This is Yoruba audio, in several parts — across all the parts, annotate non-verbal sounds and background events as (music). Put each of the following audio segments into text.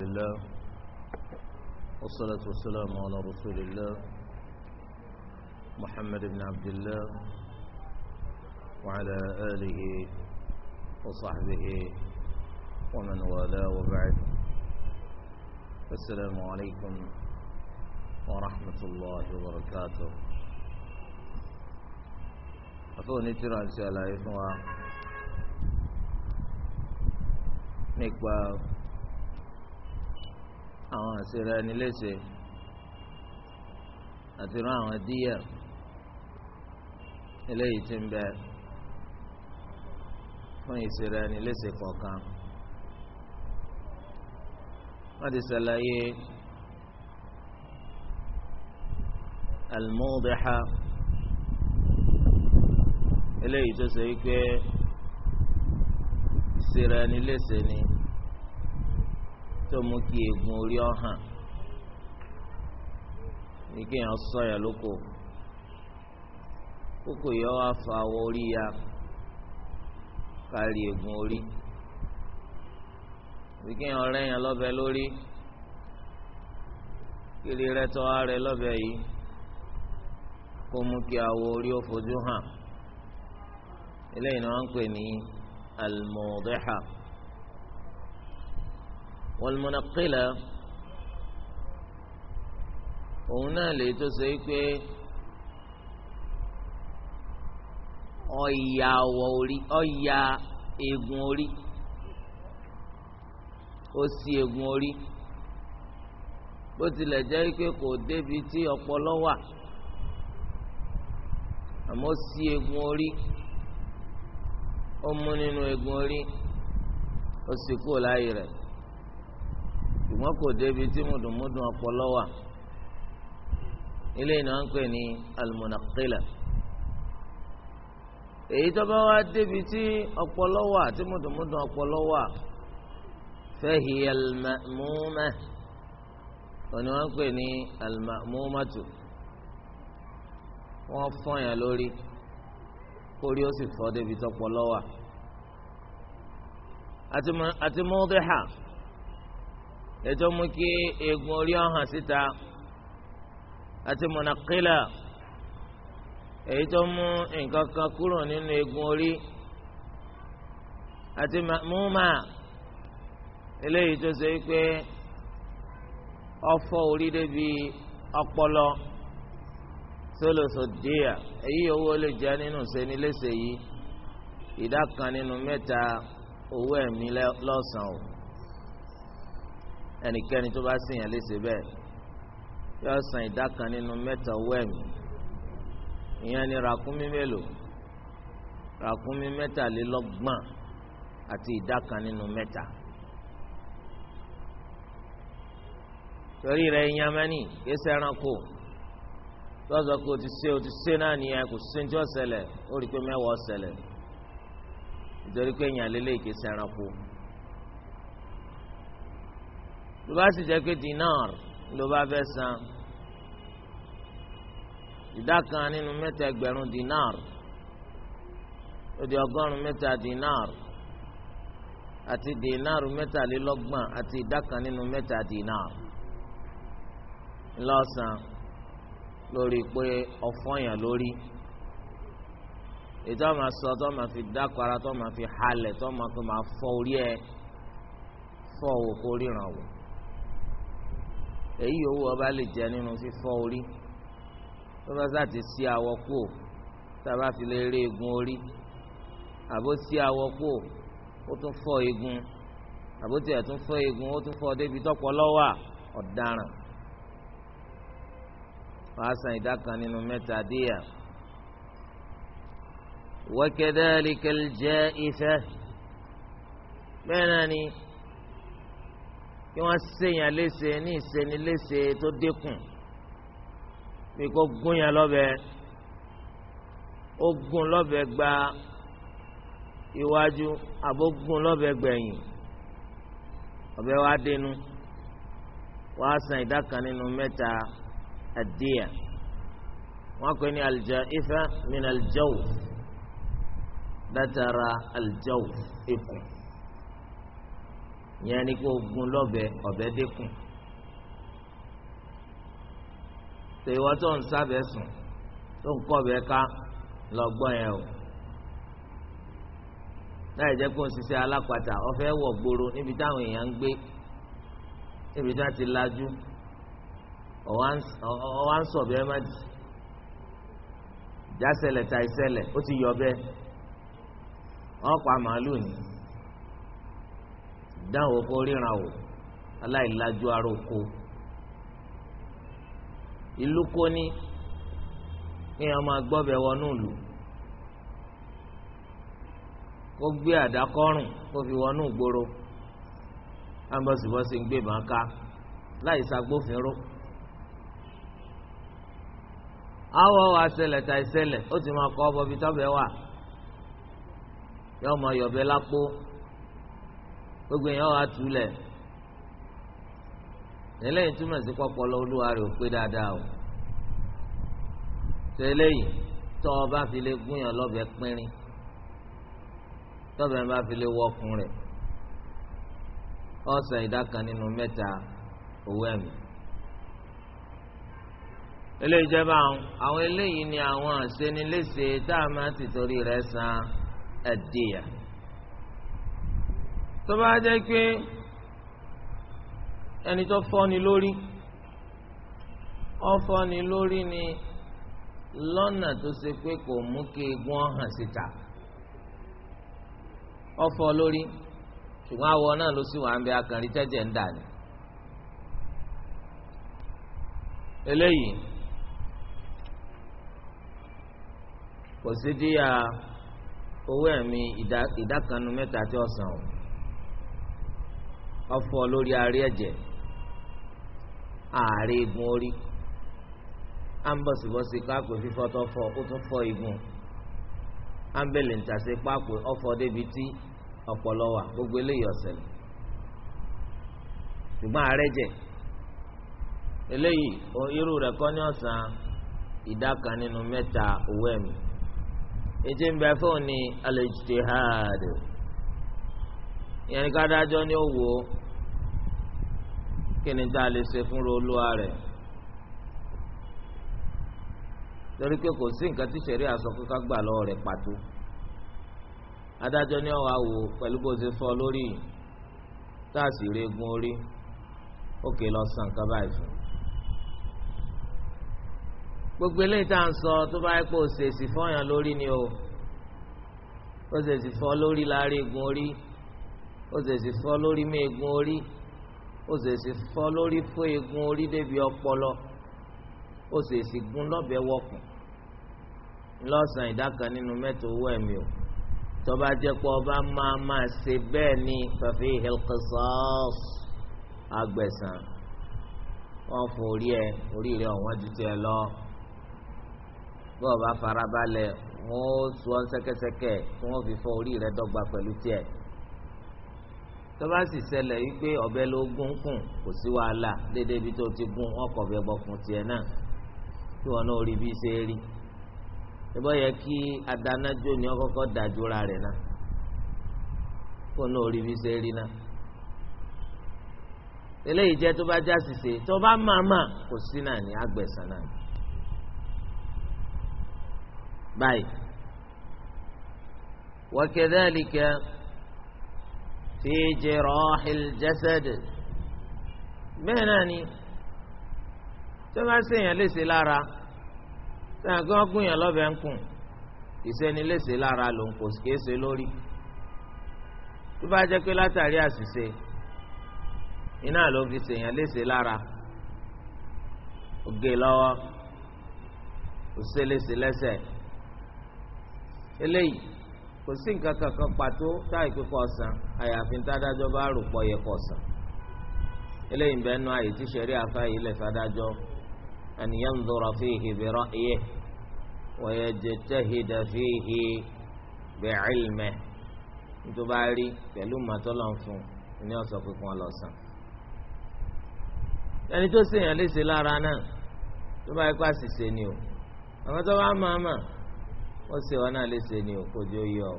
الله والصلاة والسلام على رسول الله محمد بن عبد الله وعلى آله وصحبه ومن والاه وبعد السلام عليكم ورحمة الله وبركاته أفوني ترى إن شاء الله nípa àwọn àṣírí ẹni léṣe àti rán àwọn díẹ̀ eléyìí tí ń bẹ fún ìṣírí ẹni léṣe kọ̀ọ̀kan wọ́n ti ṣàlàyé àlùmọ́ọ́bẹ̀ha eléyìí tó ṣe wípé ìṣírí ẹni ni tó mú kí eegun orí ọ hàn ní kéèyàn sọyà lóko kókò yọ wá fa awọ orí ya kárí eegun orí ní kéèyàn ọ̀rẹ́ yẹn lọ́bẹ lórí kiri rẹ tọ́ arẹ lọ́bẹ yìí kó mú kí awọ orí ó fojú hàn eléyìí ni wọ́n ń pè ní almọ̀dẹ́hà wọlmọnàkìlà òun náà lè tó ṣe pé ọ̀yà ọ̀wọ̀ orí ọ̀yà eegun orí ó sì eegun orí bó tilẹ̀ jẹ́ pé kò débi tí ọpọlọ wà àmọ́ sí eegun orí ó mú nínú eegun orí ó sì kúrò láàyè rẹ̀ ṣùgbọ́n kò débi tí mùdùnmùdùn ọpọlọ wà ilé náà ń pè ní almunaqila èyí tó bá wá débi tí ọpọlọ wà tí mùdùnmùdùn ọpọlọ wà fahiya alma'muma òní wọ́n ń pè ní alma'mumatu wọ́n fọ́n yàn lórí kórí ó sì fọ́ débi tọpọlọ àti mọ́ọ́dẹ́hà ètò mú kí eegun orí ọ̀hàn síta àti mọ̀nàkílà èyí tó mú nǹkan kan kúrò nínú eegun orí àti múmà eléyìí tó ṣe pé ọfọ orí débi ọpọlọ sólòsòdíà èyí owó lè jẹ nínú sẹni léṣe yìí ìdá kan nínú mẹ́ta owó ẹ̀mí lọ́sàn o ẹnikẹ́ni tó bá ṣèyàn léṣe bẹ́ẹ̀ yóò san ìdá kan nínú mẹ́ta owó ẹ̀mí ìyẹn ni ràkúnmí mélòó ràkúnmí mẹ́tàlélọ́gbọ̀n àti ìdá kan nínú mẹ́ta. torí rẹ̀ ìyàmẹ́nì kéṣe ẹranko lọ́sọ̀ pé o ti ṣe o ti ṣe náà nìyẹn kò sí ní tí ó ṣẹlẹ̀ ó rí i pé mẹ́wàá ó ṣẹlẹ̀ nítorí pé ìyàn lélẹ́yìí kéṣe ẹranko ló bá sì jẹ́ pé dinar ló bá fẹ́ san ìdá kan nínú mẹ́ta ẹgbẹ̀rún dinar ó di ọgọ́rùn mẹ́ta dinar àti dinar mẹ́tàlélọ́gbọ̀n àti ìdá kan nínú mẹ́ta dinar ńlọ́sàn lórí pé ọ̀fọ́yàn lórí ètò àwọn asọ tó máa fi dákọ ara tó máa fi halẹ̀ tó máa fi máa fọ orí ẹ fọ òwò ríran wò èyí yòówù ọba lè jẹ nínú fífọ́ orí tó bá sá ti sí awọ kú tá a bá fi lè rí egun orí àbó sí awọ kú ó tún fọ́ egun àbó tiẹ̀ tún fọ́ egun ó tún fọ́ débi tọ́pọ̀ lọ́wọ́ ọ̀daràn wàá san ìdá kan nínú mẹ́ta díyà wa kadhalika al-ja'ifah bẹ́ẹ̀ náà ni kí wọ́n ṣèyàn léṣe ní ìṣeni léṣe tó dínkùn bí kò gún yàn lọ́bẹ ó gún lọ́bẹ gba iwájú àbó gún lọ́bẹ gbẹ̀yìn ọ̀bẹ wa dénú wọ́n á san ìdá kan nínú mẹ́ta àdíyà wọ́n pè ní alìjẹ ifá min aljawf látara aljawf ikùn. ìyẹn ni kó gun lọ́bẹ ọ̀bẹ dínkù tèwọ́ tó ń sábẹ́ sùn tó ń kọ́ ká lọ́gbọ́n yẹn o láì jẹ́ kó ń ṣiṣẹ́ alápatà ọ̀fẹ́ wọ̀ gbòòrò níbi táwọn èèyàn ń gbé níbi tá ti lajú ọ̀wá ń sọ̀bẹ́ má dì jásẹ̀lẹ̀ ta ìṣẹ̀lẹ̀ ó ti yọ bẹ́ẹ̀ ọ̀pá màálù ni. dáhùn kó ríran o aláìlájú ara oko ìlú kò ní kí wọn máa gbọ́bẹ̀ wọnú ìlú kó gbé àdákọ́rùn kó fi wọnú ìgboro ambọ̀sibọ́sì ń gbé bàńká láì ṣagbófinró awọ wa ṣẹlẹ̀ ta ìṣẹlẹ̀ ó ti máa kọ́ ọ bọ́bi tọ́bẹ̀ wà yọ yọbẹ yọ̀bẹ lápò gbogbo èèyàn wà túlẹ̀ eléyìí túmọ̀ sí pọ́pọ́lọ́ olúwa rẹ̀ ò pé dáadáa o ṣe eléyìí tọ́ ọ bá fi lè gúnyàn lọ́bẹ̀ pínrín tọ́bẹ̀ bá fi lè wọ́kùn rẹ̀ ọ̀sán ìdá kan nínú mẹ́ta owó ẹ̀mí eléyìí jẹba àwọn eléyìí ni àwọn àṣeniléṣe tá a máa ti torí rẹ̀ san ẹ̀díyà. E tó bá jẹ́ pé ẹni tó fọ́ni lórí ó lórí ni lọ́nà tó ṣe pé kò mú kí egun hàn síta ó fọ́ lórí ṣùgbọ́n awọ náà ló sì wà ń bẹ akànrí tẹ́jẹ̀ ń dà ní. eléyìí kò sí díya owó ẹ̀mí ìdákanu mẹ́ta tí ó san o. ọfọ lórí arí ẹ̀jẹ̀ ààrẹ egun orí ambọ̀sibọ́sí pápò fífọ́ tó fọ ó tún fọ igun ambẹ̀lẹ̀ ntàsí pápò ọfọ débi tí ọpọlọ wà gbogbo eléyìí ọ̀sẹ̀lẹ̀ ṣùgbọ́n ààrẹ jẹ eléyìí irú rẹ̀ kọ́ ní ọ̀sán ìdá kan nínú mẹ́ta owó ẹ̀mí ètò ìbẹ̀fọ́ ni al-ijtihad. ìyẹn ní kádájọ́ ni ó wò ó kí ni tá a lè ṣe fún olúwa rẹ̀ torí pé kò sí nǹkan tí sẹ̀rí àsọ pé ká gbà lọ́wọ́ rẹ̀ pàtó adájọ́ ni ó wá wò pẹ̀lú bó ṣe fọ́ lórí yìí tá orí òkè lọ san báyìí fún gbogbo eléyìí tá à ń sọ tó bá yẹ kó o ṣèṣì fọyàn lórí ni o ó ṣèṣì fọ́ lórí láàrin egun orí ó ṣèṣì fọ́ lórí mọ́ eegun orí ó ṣèṣì fọ́ lórí fọ́ eegun orí débi ọpọlọ ó ṣèṣì gún lọ́bẹ̀ wọ̀kùn lọ́sàn-án ìdá kan nínú mẹ́ta owó ẹ̀mí o tọ́ba jẹ́ pé ọba máa máa ṣe bẹ́ẹ̀ ni fàfi hilkisọ́ọ̀s agbẹ̀sán wọ́n fún orí ẹ orí rẹ ọ̀wọ́n ju tiẹ̀ lọ bí ọba farabalẹ̀ wọ́n sọ ọ́n sẹ́kẹ́sẹ́kẹ́ wọ́n fi fọ́ orí rẹ dọ́gba pẹ̀lú tiẹ̀ tọ́ba sì ṣẹlẹ̀ yìí pé ọ̀bẹ ló gún kùn kò sí wàhálà déédéé ibi tó ti gún ọkọ̀ ọ̀bẹ bọ̀kùn tiẹ̀ náà kí wọn náà rí bí ṣe rí ìbọ̀ yẹ kí adánájọ́ ni ọ kọ́kọ́ dájúra rẹ̀ náà kó náà rí bí ṣe rí náà eléyìí jẹ́ tó bá já ṣìṣe tó bá máa máa kò sí náà ní agbẹ̀sán náà báyìí wa kadhalika. fi jirahil jasad bẹ́ẹ̀ náà ni tó bá ṣèyàn léṣe lára táwọn akẹ́ wọn gúnyàn lọ́bẹ̀ẹ́ ń kùn ìṣẹ́ni léṣe lára ló ń kò sí kéṣe lórí tó bá jẹ́ pé látàrí àṣìṣe iná ló fi ṣèyàn léṣe lára oge lọ́wọ́ òṣèléṣe lẹ́sẹ̀ eléyìí. kò sí nǹkan kankan pàtó táì pé kò san àyàfi tádájọ́ bá rò pọ̀ yẹ kò san eléyìí bẹ́ẹ̀ nu àyè tí sẹ́rí àfáyé lẹ̀ fàdájọ́ an yanzura fihi bi ra'yihi wa yajtahida fihi bi ilmihi nítorí rí pẹ̀lú màtọ́lọ̀ fún ní ọ̀sọ̀ pípọ́n lọ san ẹni tó léṣe lára ni o àwọn tó bá máa ó sì wọn náà léṣe ni òkòjò yọ ọ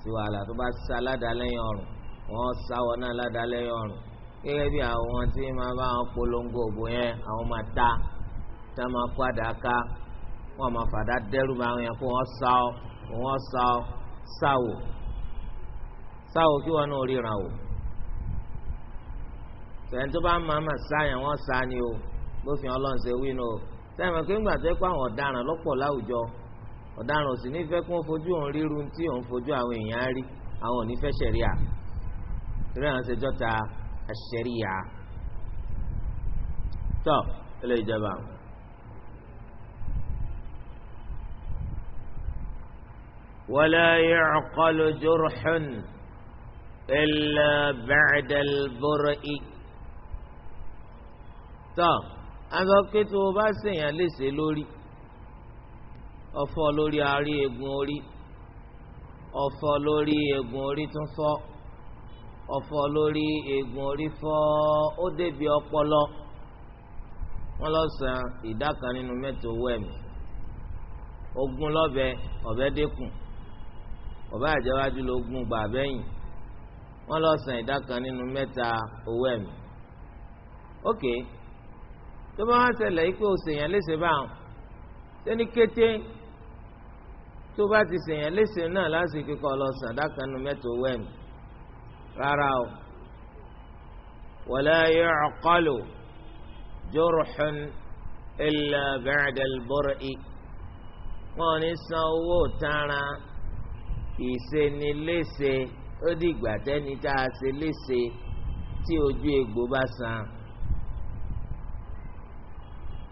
sí wàhálà tó bá sá ládàá lẹ́yìn ọ̀rùn wọ́n sá wọn náà ládàá lẹ́yìn ọ̀rùn gẹ́gẹ́ bí àwọn tí máa bá wọn polongo òbò yẹn àwọn máa ta tá máa kó àdáká wọ́n máa fàdá dẹ́rù bá wọn yẹn kó wọ́n sá ọ kó wọ́n sá ọ sáwò sáwò kí wọ́n náà ríran o tẹ̀yìn tó bá máa máa sá yẹn wọ́n sá ni o lófin ọlọ́run ṣe wí ni o sẹ́yìn mọ̀ pé ńgbà tó kọ́ àwọn ọ̀daràn lọ́pọ̀ láwùjọ ọ̀daràn ò sì ní fẹ́ kí wọ́n fojú òun ríru tí òun fojú àwọn èèyàn rí àwọn ò fẹ́ ṣẹ̀ríà ìrẹ́ àwọn ṣèjọ́ ta àṣẹríà tọ́ ilé ìjọba. ولا يعقل جرح إلا بعد البرء tọ́ àgọ́ kí tó o bá ṣèyàn ọfọ́ lórí arí egun orí ọfọ́ lórí egun orí tún fọ́ ọfọ́ lórí egun orí fọ́ ó débi ọpọlọ wọn lọ san ìdá kan nínú mẹ́ta owó ẹ̀mí ogun lọ́bẹ ọ̀bẹ dẹ́kun ọba àjẹwájú ló gun gbà bẹ́yìn wọn lọ san ìdá kan nínú mẹ́ta owó ẹ̀mí ok tó bá wá ṣẹlẹ̀ yìí pé òsèèyàn léṣe báwọn ṣé ní kété tó bá ti sèyàn léṣe náà láti kíkọ lọ sàdákanu mẹ́tò wẹ́mi rárá o wala yu'qalu jurhun illa ba'da al-bur'i wọn ní san owó tààrà ìṣeniléṣe ó dìgbà tẹ́ni tá a ṣe léṣe tí ojú egbò bá san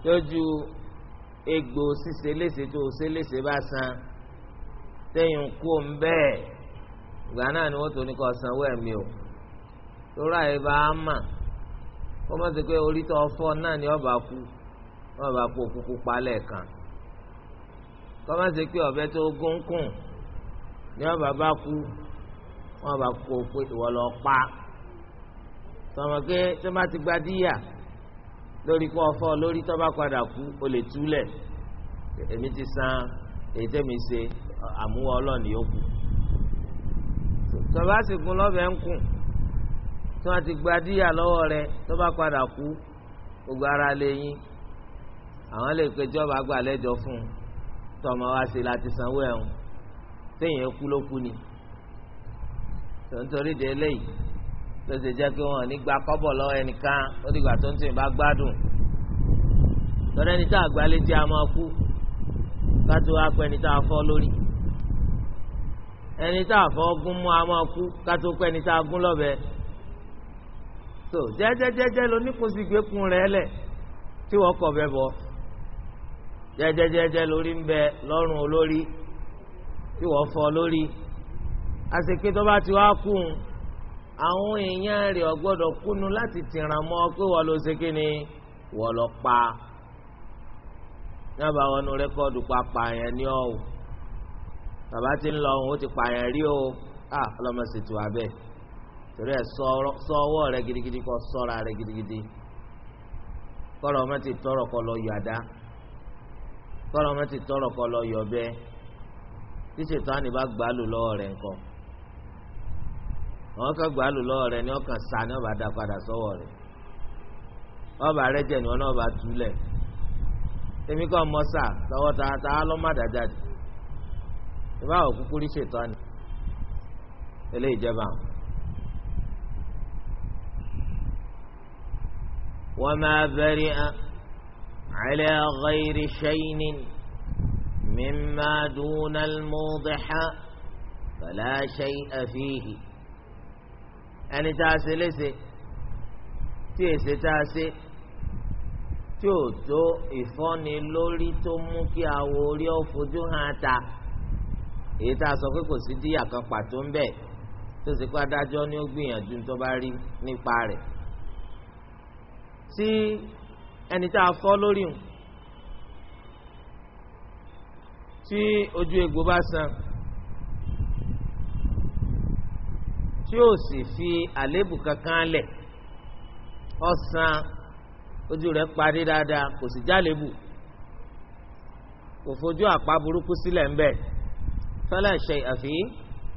lójú egbò ṣíṣe léṣe tó ṣe léṣe bá san tẹ́yìn kú òun bẹ́ẹ̀ ìgbà náà ni wọ́n tó ní kọ́ sanwó ẹ̀mí o lórí àyè bá a mà kó pé orí tó náà ni ọba kú ọba kú òkúkú palẹ̀ kan kó má ti pé ọ̀bẹ tó góńkùn ni ọba bá kú ọba kú òkú ìwọ lọ pa tọmọ pé tó má ti gba díyà lórí kó ọfọ lórí tó bá padà kú o lè túlẹ̀ èmi ti san èyí tẹ́mi ṣe àmúwá ọlọ́ọ̀ni yòókù tọba sì gun lọ́bẹ̀ ń kùn tí wọ́n ti gba díyà lọ́wọ́ rẹ tó bá padà kú gbogbo ara lè yín àwọn lè pe jọba gbà lẹ́jọ́ fún un tọmọ wa sí láti sanwó ẹ̀hún téèyàn kú ló kú ni nítorí de eléyìí ló ṣe jẹ́ kí wọ́n ní gba kọ́bọ̀ lọ́wọ́ ẹnìkan ó dìgbà tó ń tún ìbá gbádùn lọ́dọ̀ ẹni tá àgbálẹ́ tí a máa kú ká tó wá pẹ́ ẹni tá a fọ́ lórí ẹni tá a fọ́ gún mú a máa kú kátó pẹ́ ẹni tá a gún lọ́bẹ tó jẹ́jẹ́jẹ́jẹ́ loníkùnsìgbèkùn rẹ̀ lẹ̀ tí wọ́n kọ̀ bẹ́ bọ́ jẹ́jẹ́jẹ́jẹ́ lórí ń bẹ lọ́rùn olórí tí wọ́n fọ́ lórí àsèké tó bá ti wá kú un àwọn èèyàn rẹ̀ ọ̀gbọ́dọ̀ kúnnu láti tìràn mọ́ pé wọ́n ló ṣe kí ni wọ́n lọ pa yàrá wọnú rẹ́kọ́ọ̀dù pàpà yẹn ní ọ̀hún bàbá ti ń lọ òun ó ti pààyàn rí o à ọlọ́mọ sì tù wá bẹ́ẹ̀ torí ẹ̀ sọ ọwọ́ rẹ gidigidi kó sọ́ra rẹ gidigidi kọ́lọ̀ ọmọ ti tọrọ kọ́ lọ yọ àdá kọ́lọ̀ ọmọ ti tọrọ kọ́ lọ yọ bẹ́ẹ̀ tí ṣètò ànìbá gbà lù lọ́wọ́ rẹ̀ nǹkan wọn kàn gbà lù lọ́wọ́ rẹ̀ ni wọn kàn sa ni wọn bá da padà sọ́wọ́ rẹ̀ wọn bá rẹ́jẹ̀ ni wọn náà bá túlẹ̀ èmi kàn mọ́ sà lọ́wọ́ ta ta lọ́mọdàjáde ìbá àwọn kúkú rí ṣètò àná ilé ìjọba wọn máa bẹ̀rẹ̀ على غير شيء مما دون الموضح فلا شيء فيه ẹni tá a ṣe léṣe tí èsè tá a ṣe tí ò tó ìfọ́ni lórí tó mú kí àwọ̀ orí ọ̀fojú hàn ta. èyí tá a sọ pé kò sí díyà kan pàtó ń bẹ tó sì pé adájọ́ ni ó gbìyànjú tó bá rí nípa rẹ̀ tí ẹni tá a fọ́ lórí hùn tí ojú egbò bá san tí ó sì fi àléébù kankan lẹ̀ ọ̀sán ojú rẹ̀ parí dáadáa kò sì jálébù kò fojú àpá burúkú sílẹ̀ ń bẹ́ẹ̀. fala shay'a fi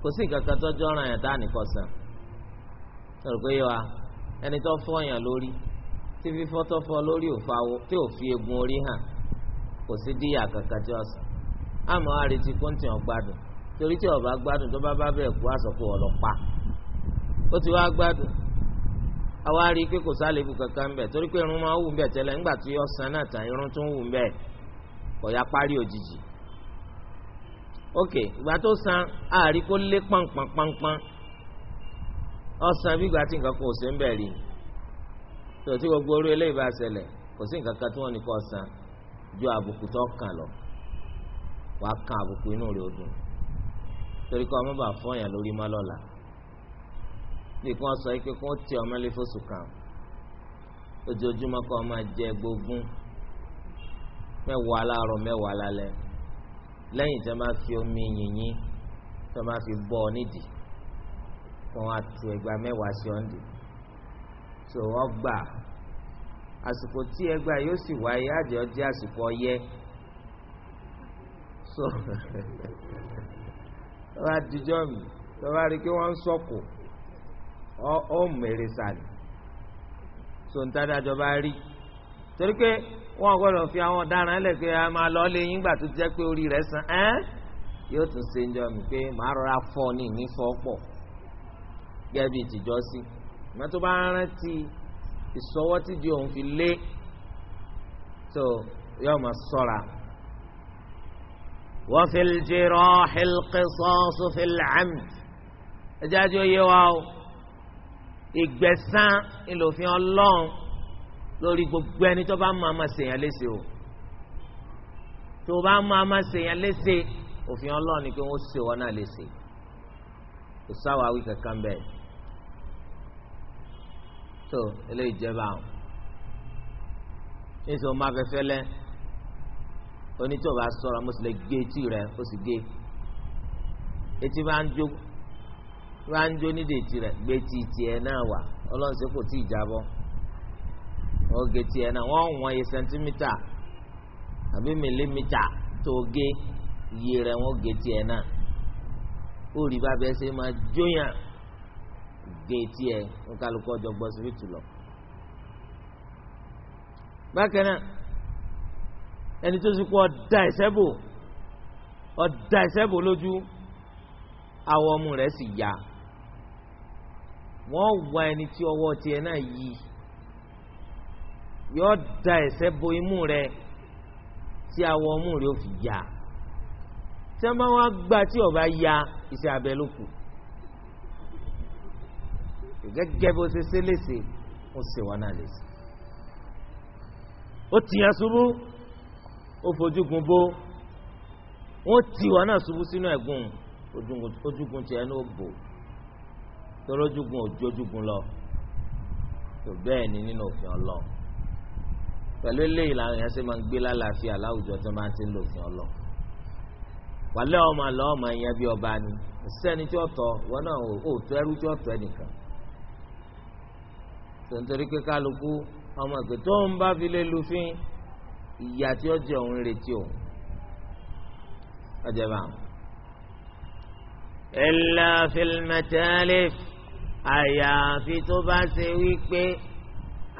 kò sí nǹkan kan ya ọ̀ràn yẹn tá nìkan sàn sọ̀rọ̀ pé ẹni tó yàn lórí tí fífọ́ tó lórí tí ò fi egun orí hàn kò sí díyà kankan tí ó sàn àrètí ọba gbádùn tó bá bá kú ọlọ́pàá ó ti wá gbádùn àwa rí i pé kò kankan ń bẹ̀ torí ok ìgbà tó san àárí kó lé pọnpọnpọnpọn ọsàn bí ìgbà tí nǹkan kan ò sí ń bẹ̀ rí tó tí gbogbo orí eléyìí bá ṣẹlẹ̀ kò sí nǹkan kan tí wọ́n ní kó san ju àbùkù tó kàn lọ wàá kan àbùkù inú rẹ̀ ó dùn torí kọ́ ọmọ bá fọ́ yàn lórí mọ́ lọ́la bí kò sọ pé kò tí ọmọ lè fosùn kàn ojoojúmọ́ kọ́ ọmọ jẹ gbógún mẹ́wàá láàárọ̀ mẹ́wàá lálẹ́ lẹ́yìn tí wọ́n máa fi omi yìnyín tí wọ́n máa fi bọ́ ọ nídìí kí wọ́n á tu ẹgba mẹ́wàá sí ọ̀ǹdì tó wọ́n gbà àsìkò tí ẹgba yóò sì wáyé àjọ jẹ́ àsìkò ọyẹ́ so (laughs) wọ́n á dijọ́ mi tó bá rí i pé wọ́n ń sọ̀kò ó mèrè sàlẹ̀ so ń tá bá rí torí pé wọn gbọ́dọ̀ fi àwọn ọ̀daràn lẹkẹ a máa lọ lé yín gbà tó jẹ́ pé orí rẹ̀ san ẹn yóò tún ṣe ń jọ mi pé màá rọra fọ ní ìnífọ pọ̀ gẹ́gẹ́ bíi tìjọ́ sí ìmọ̀ tó bá rántí ìsọwọ́ tí òun fi lé tó yóò máa sọ̀ra. وفي الجراح القصاص في العمد ẹjẹ́ àjọ yé wa o ìgbẹ̀san ìlòfin ọlọ́run lórí gbogbo ẹni tó bá máa máa ṣèyàn léṣe o tó bá máa máa ṣèyàn léṣe òfin ọlọ́run ni pé wọ́n ṣe wọn náà léṣe kò sáwàáwí kankan bẹ́ẹ̀ tó eléyìí jẹba o nítorí wọn máa fẹ́ fẹ́lẹ́ onítọ̀ bá sọ̀rọ̀ mo sì lè gé etí rẹ̀ ó sì gé etí bá ń jó bá ń jó nídìí etí rẹ̀ gbé etí tiẹ̀ náà wà ọlọ́run ṣe kò tí ì jábọ́ wọ́n gé tiẹ̀ náà wọ́n wọ̀n iye sẹ́ńtímítà àbí mìlímítà tó gé iye rẹ̀ wọ́n gé tiẹ̀ náà ó rí bá bẹ́ẹ̀ ṣe máa jóyàn gé tiẹ̀ e, nkálukọ́ jọgbọ́n síbi tù lọ. bákan náà ẹni tó sì kú ọ̀dà ìṣẹ́bù ọ̀dà ìṣẹ́bù lójú àwọn ọmọ rẹ̀ sì yá wọ́n wá ẹni tí ọwọ́ tiẹ̀ náà yìí yóò da ẹsẹ̀ bo imú rẹ tí awọ ọmú rẹ ó fi ya tí wọ́n bá wá gbà tí ọba ya iṣẹ́ abẹ ló kù gẹ́gẹ́ bó ṣe ṣe léṣe ó ṣe wọn náà léṣe ó tìyàn ṣubú ó fojúgun bó wọ́n ti wọn náà ṣubú sínú ẹ̀gún ojúgun tiẹ̀ ní òbò torójúgun òjòjúgun lọ tó bẹ́ẹ̀ ni nínú òfin ọlọ́run pẹ̀lú eléyìí làwọn èèyàn ṣe máa ń gbé lálàáfíà láwùjọ tó máa ti ń lò fún ọlọ wàlẹ́ ọmọ àlọ́ ọmọ ìyẹn bí ọba ni sẹ́ni tí ọ̀tọ̀ wọn náà ò tó ẹrú tí ọ̀tọ̀ ẹnìkan tòǹtòrí pé kálukú ọmọ ìpè tó ń bá fi lufin ìyá tí ó jẹ òun retí òun ọjọ́ bá wọn. illa fil àyàfi tó bá ṣe wípé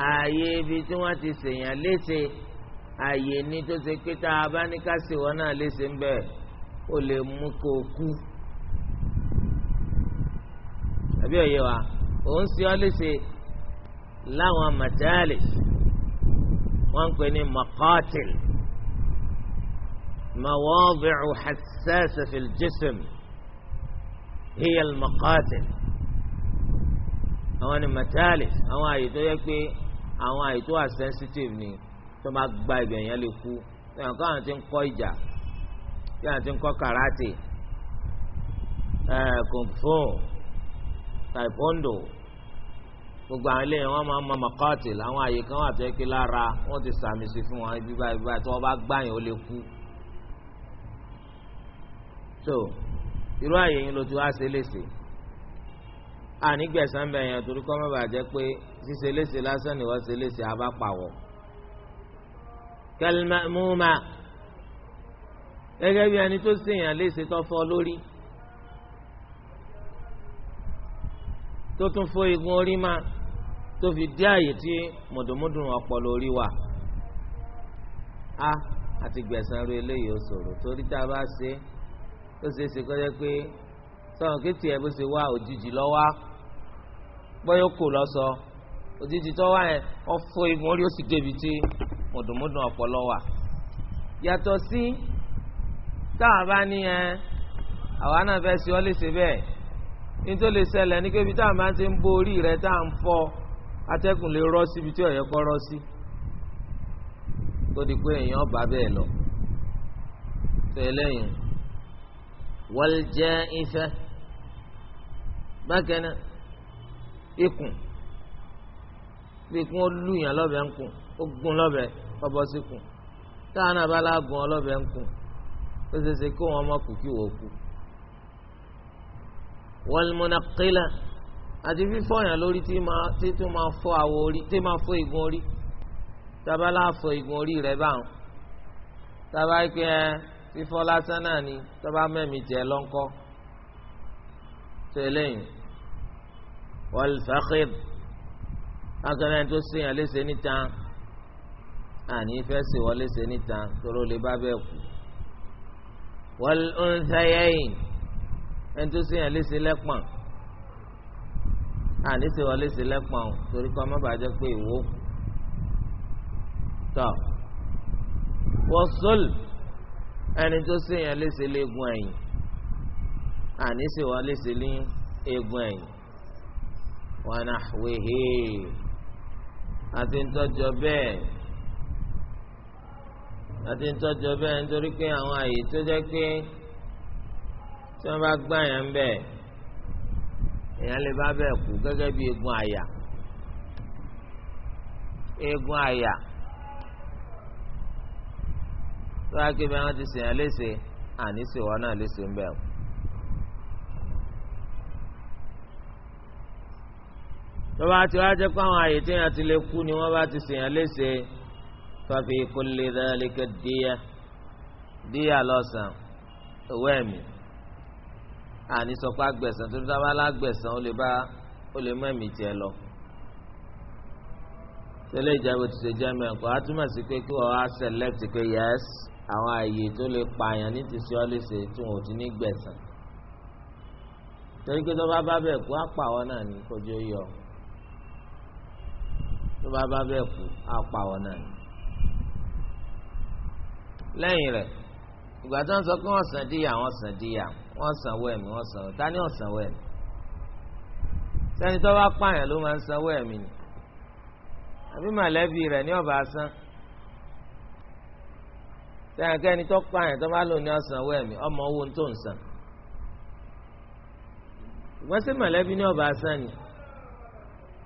ààyè ibi tí wọ́n ti ṣèyàn léṣe ààyè ní tó ṣe pé tá a bá ní ká ṣèwọ́n náà léṣe ń bẹ̀ ó lè mú kó o kú. àbí òye wa òun ṣe ọ́ léṣe láwọn màtáàlì wọ́n ń pè ní maqatil mawadi'u hassasa fil jism hiya àwọn ni màtáàlì àwọn àyè tó yẹ pé àwọn àìtó wà sensitive ni tó máa gba ibẹ̀ yẹn lè kú ẹ̀yàn kọ́ àwọn tí ń kọ́ ìjà tí àwọn ń kọ́ karate kung fu taekwondo gbogbo àwọn eléyìí wọn máa ń mọ mọkọọtì làwọn àyè kan wà tó yẹ kí lára wọn ti sàmì sí fún wọn ibi báyìí báyìí tí wọn bá gbàyàn ó lè kú. so irú àyè yìí ló ti wá ṣe léṣe ànígbẹ̀sán bẹ̀ yẹn torí kọ́ mọ́ bàjẹ́ pé ṣíṣe léṣe lásán ni wọ́n ṣe léṣe abápawọ̀ kẹlẹ́mà múma gẹ́gẹ́ bí ẹni tó ṣèyàn léṣe tó fọ́ lórí tó tún fọ́ igun orí ma tó fi dé àyè tí mùdùmùdù ọpọlọ orí wà a àti gbẹ̀sán ru eléyìí ó ṣòro torí tá a bá ṣe ó ṣeé ṣe kọ́ pé. sọ̀rọ̀ kéètì ẹ̀ bó ṣe wá òjijì lọ wá bọ́yọ̀ kò lọ sọ òjijì tó wá yẹn ọ̀fọ̀ ìmọ̀ orí ó sì débi tí wà. yàtọ̀ sí bá ní ẹ àwa náà fẹ́ ṣe ọ́ lè ṣe bẹ́ẹ̀ lè ṣẹlẹ̀ ní kébi bo orí rẹ ń atẹ́kùn lè rọ́ síbi tí kọ́ rọ́ sí pé èèyàn bá bẹ́ẹ̀ bákan náà ikùn bí ikùn ó lùyàn lọ́bẹ̀ ń kùn ó gun lọ́bẹ̀ ọbọ̀ sí kùn táwọn náà bá lágùn ọlọ́bẹ̀ ń kùn ó ṣe ṣe kí wọn mọ̀ kù kí wọ́n kù. wal munaqila àti fífọyàn lórí tí tó máa fọ àwọ̀ orí tí máa fọ igun orí tábà láàfọ igun orí rẹ̀ báwọn tábà pé ẹ fífọ lásán náà ni tábà mẹ́mìí jẹ́ lọ́ńkọ́ tó eléyìí wal-fakhidh akọni tó ṣèyàn léṣe níta àní fẹ́ ṣe wọ́n léṣe níta tóró lè bá bẹ́ẹ̀ kú wal-unthayayn ẹni tó ṣèyàn léṣe lẹ́pọ̀n àní ṣe wọ́n léṣe lẹ́pọ̀n torí kọ́ má jẹ́ pé ìwó tọ̀ wọ́sọ́l ẹni tó ṣèyàn léṣe léegun ẹ̀yìn àní ṣe wọ́n léṣe ní ẹ̀yìn wa nahwihi àti ntọ́jọ bẹ́ẹ̀ àti ntọ́jọ bẹ́ẹ̀ nítorí pé àwọn àyè tó jẹ́ pé tí wọ́n bá gbá yẹn ń bẹ̀ èèyàn lè bá bẹ̀ kú gẹ́gẹ́ bí eegun àyà eegun àyà tó wá kébé wọn ti sèyàn léṣe àní sèwọ́n náà léṣe ń bẹ̀ kú. lọ́ba tí wàá jẹ́ pé àwọn àyè tí yẹn ti lè kú ni wọ́n bá ti sèyàn léṣe fàfi kulli dhalika díyà díyà lọ́sàn owó ẹ̀mí àní sọ pé agbẹ̀sán tó dábàá lágbẹ̀sán ó lè bá ó lè mọ̀ ẹ̀mí tiẹ̀ lọ. tẹ́lẹ̀ ìjábọ̀ ti ṣe jẹ́ mẹ́kọ̀ọ́ á túmọ̀ sí pé kí wọ́n á select pé yes àwọn àyè tó lè pààyàn ní ti ṣe ọ́ léṣe tí wọn ò ti ní gbẹ̀sán. torí pé tó bá bá bẹ̀ kú tó bá bá bẹ́ẹ̀ kú á pa ọ̀ náà ni. lẹ́yìn rẹ̀ ìgbà tó ń sọ pé wọ́n san díyà wọ́n san díyà wọ́n san wẹ́ẹ̀mí wọ́n san ta ni wọ́n san wẹ́ẹ̀mí. sẹ́ni tó bá pààyàn ló máa ń san wẹ́ẹ̀mí ni àbí màlẹ́bí rẹ̀ ní ọ̀bà san sẹ́yìn kẹ́ni tó pààyàn tó bá lò ní ọ̀sán wẹ́ẹ̀mí ọmọ owó tó ń san ìgbọ́n sí ní ọba asán ni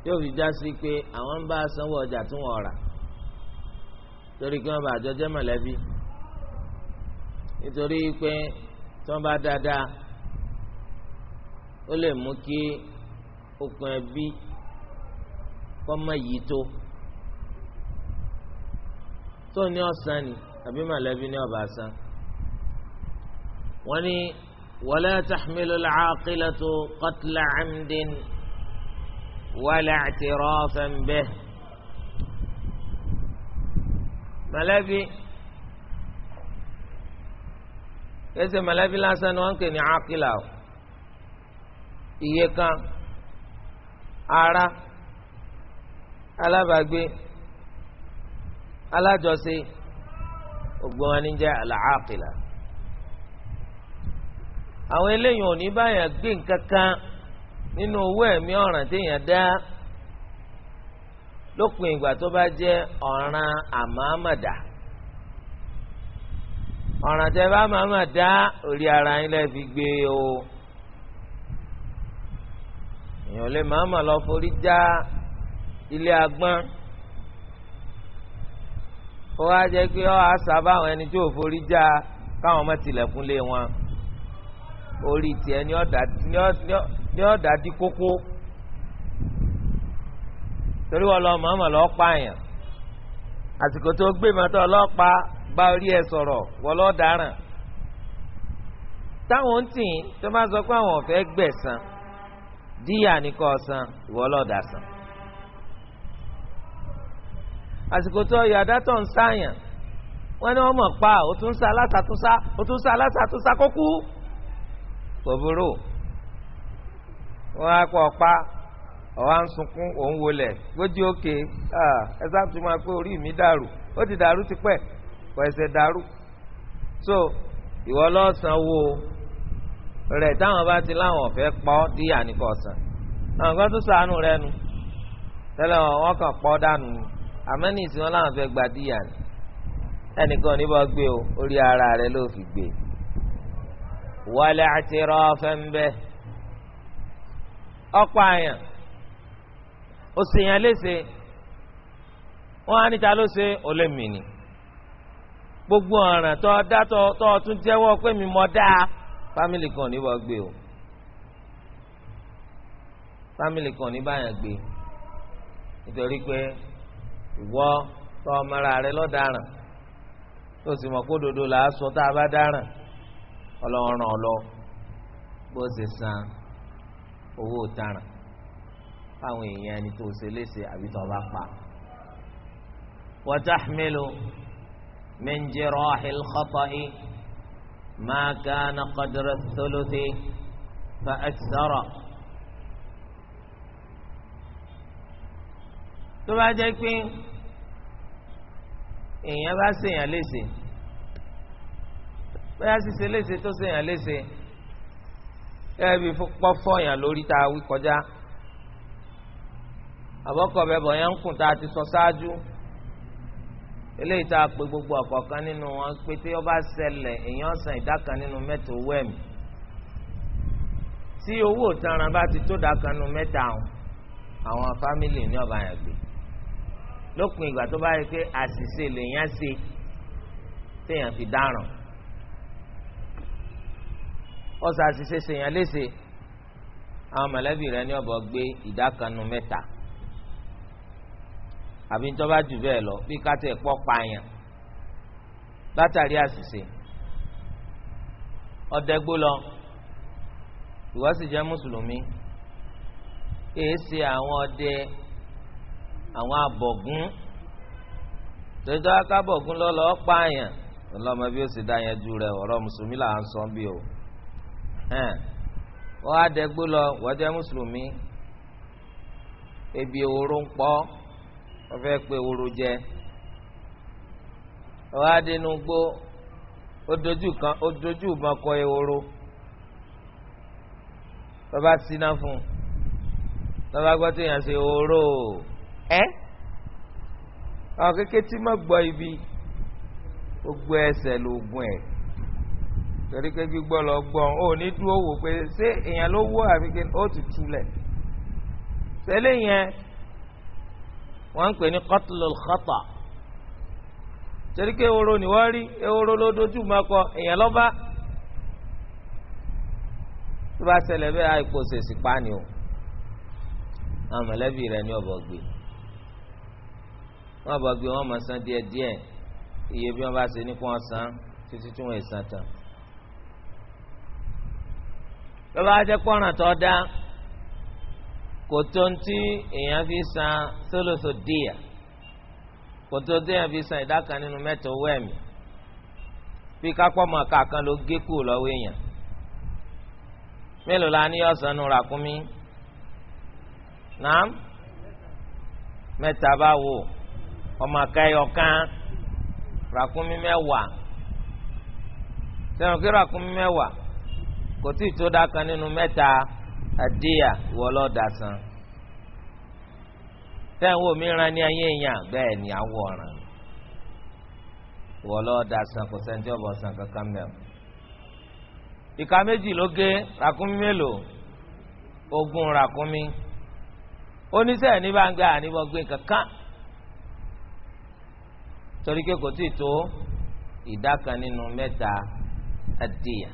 yóò fi já sí pé àwọn ń bá sanwó ọjà tí wọ́n rà torí kí wọ́n bá àjọ jẹ́ mọ̀lẹ́bí nítorí pé tí wọ́n bá dáadáa ó lè mú kí okùn ẹbí kọ́ mọ̀ yìí tó tó ní ọ̀sán ni àbí mọ̀lẹ́bí ní ọ̀bà san wọ́n ní wala tahmilu al-aqilatu qatla amdin wala i'tirafan bih mọ̀lẹ́bí kẹsẹ mọ̀lẹ́bí lásán ni wọ́n ń pè ní akila o iye kan ara alábàgbé alájọsí gbogbo wọn ní jẹ́ al àwọn eléyìí ò ní báyà gbé nǹkan kan nínú owó ẹ̀mí ọ̀ràn téèyàn dá lópin ìgbà tó bá jẹ́ ọ̀ràn àmàmàdà ọ̀ràn tẹ́ bá màmá dá orí ara yín lẹ́ fi gbé o èèyàn lè màmá lọ forí já ilé agbọ́n ó wá jẹ́ pé ọ́ àṣà báwọn ẹni tí ò forí já káwọn ọmọ tilẹ̀kùn lé wọn orí tiẹ̀ ni ọ̀dà ni ọ̀ yóò dàdí kókó torí wọn lọ mọ̀ọ́mọ̀ lọ́ọ́ pààyàn àsìkò tó gbé mọ́tò ọlọ́pàá bá orí ẹ sọ̀rọ̀ wọ́n lọ́ọ́ dáràn táwọn ń tì tó bá sọ pé àwọn ọ̀fẹ́ gbẹ̀san díyà nìkan ọ̀sán ìwọ́ lọ́ọ́ dà sàn àsìkò tó yọ adátọ̀ ń sáyàn wọ́n ní wọ́n mọ̀ pa ó sá alásàtúnsá ó sá alásàtúnsá kókú kò burú wọ́n á kọ́ ọ̀pá ọ̀wá ń sunkún òun wọlẹ̀ gbójú òkè ẹ sáàtú máa pé orí mi dàrú ó ti dàrú ti pẹ́ kọ́ dàrú so ìwọ lọ́sàn-án rẹ̀ táwọn bá ti láwọn ọ̀fẹ́ pọ́ díyà ní kò sàn àwọn kan tó sànù rẹ nu tẹ́lẹ̀ wọn kàn pọ́ dànù àmẹ́ni ìsìn wọn láwọn fẹ́ gba díyà ni ẹnìkan ní gbé o orí ara rẹ ló fi gbé wọlé àti rọ́ọ̀fẹ́ ń bẹ́ẹ̀. ọ̀pọ̀ àyàn ó sì yàn léṣe wọn á ló ṣe olómi ni gbogbo ọ̀ràn tó dá tó tún jẹ́wọ́ pé mi mọ dáa fámìlì kan ní gbé o fámìlì kan gbé nítorí pé ìwọ tọ ọmọra rẹ lọ tó sì mọ̀ kó sọ tá a bá dáràn ọlọ́run bó ṣe owó taràn fáwọn èèyàn ẹni tó ṣe léṣe àbí tó bá pa. wa tahmilu min jirahil khata'i ma kana qadra thuluthi fa akthara. tó bá jẹ́ pé èèyàn bá ṣèyàn léṣe bóyá ṣíṣe léṣe tó ṣèyàn léṣe ẹbí pọ́fọ́yàn lórí tá a wí kọjá àbọ̀kọ̀ bẹ́ẹ̀ bọ̀ yẹn ń kùn tá a ti sọ ṣáájú eléyìí tá a pe gbogbo ọ̀kọ̀ọ̀kan nínú wọn pé tí wọ́n bá ṣẹlẹ̀ èèyàn san ìdá kan nínú mẹ́ta owó ẹ̀mí tí owó òtanràn bá ti tó ìdá kan nínú mẹ́ta àwọn fámìlì ní ọba yẹn gbé lópin ìgbà tó bá yẹ pé àṣìṣe lèèyàn ṣe téèyàn fi dáràn ọ̀sà àṣìṣe ṣèyàn léṣe àwọn mọ̀lẹ́bí rẹ ní ọ̀bọ̀ gbé ìdá kan nu mẹ́ta àbí tó bá jù bẹ́ẹ̀ lọ bí ká tẹ̀ pọ́ pààyàn látàrí àṣìṣe ọ̀dẹ́gbó lọ ìwọ sì jẹ́ mùsùlùmí èé ṣe àwọn ọdẹ àwọn abọ̀gún tòjọ́ akábọ̀gún lọ́lọ́ pààyàn ọlọ́mọ bí ó sì dá yẹn ju rẹ̀ ọ̀rọ̀ mùsùlùmí là ń sọ bí o wọ́n á dẹ́gbó lọ wọ́n jẹ́ mùsùlùmí ebi ehoro ń pọ́ wọ́n fẹ́ pe ehoro jẹ wọ́n á dénú gbó ó dojú kan ó dojú ìbọn kọ ehoro bàbá síná fún un bàbá gbọ́ tó yàn ṣe ehoro ẹ́ ọ̀ kékeré tí mo gbọ́ ibi gbogbo ẹsẹ̀ lóògùn ẹ̀ torí pé gbígbọ́ lọ gbọ́ ọ ní dúró wò pé ṣé èèyàn ló wó àbí kí ó ti túlẹ̀ tẹ́lẹ̀ yẹn wọ́n ń pè ní qatlul khata torí pé ehoro ni wọ́n rí ehoro ló dojú máa kọ èèyàn lọ́ bá tó bá ṣẹlẹ̀ bẹ́ẹ̀ àìpò ṣèṣì pa àwọn mọ̀lẹ́bí rẹ̀ ní ọ̀bọ̀ gbé wọ́n ọ̀bọ̀ gbé wọ́n mọ̀ san díẹ̀díẹ̀ iye bí wọ́n bá ṣe ní kí wọ́n san títí tí wọ́n ì bàbá ajẹ́ pọ́nrán tó dá kò tó ń tí èèyàn fi san sólòsò díyà kò tó ń tí èèyàn fi san ìdá kan nínú mẹ́ta owó ẹ̀mí bí kápọ́mọ̀ kàkan ló gé kúrò lọ́wọ́ èèyàn mélòó la ní ọ̀sán nu ràkúnmí nàám mẹ́ta bá wò ọmọ akẹ́yọ̀ kan ràkúnmí mẹ́wàá sẹ́wọ̀n kí ràkúnmí mẹ́wàá kò tí ì tó dá kan nínú mẹ́ta àdíyà wọ lọ́ọ̀dà san tẹ́wọ́ mìíràn ní ayé èèyàn bẹ́ẹ̀ ni àwọ̀ ọ̀ràn wọ lọ́ọ̀dà san kò sẹ́ni tí ọ̀bọ̀ san kankan mẹ́wọ̀ ìka méjì ló gé ràkúnmí mélòó ogún ràkúnmí oníṣẹ́ ní bá ń gbé àníbọ̀ gbé kankan torí pé kò tó ìdá nínú mẹ́ta àdíyà.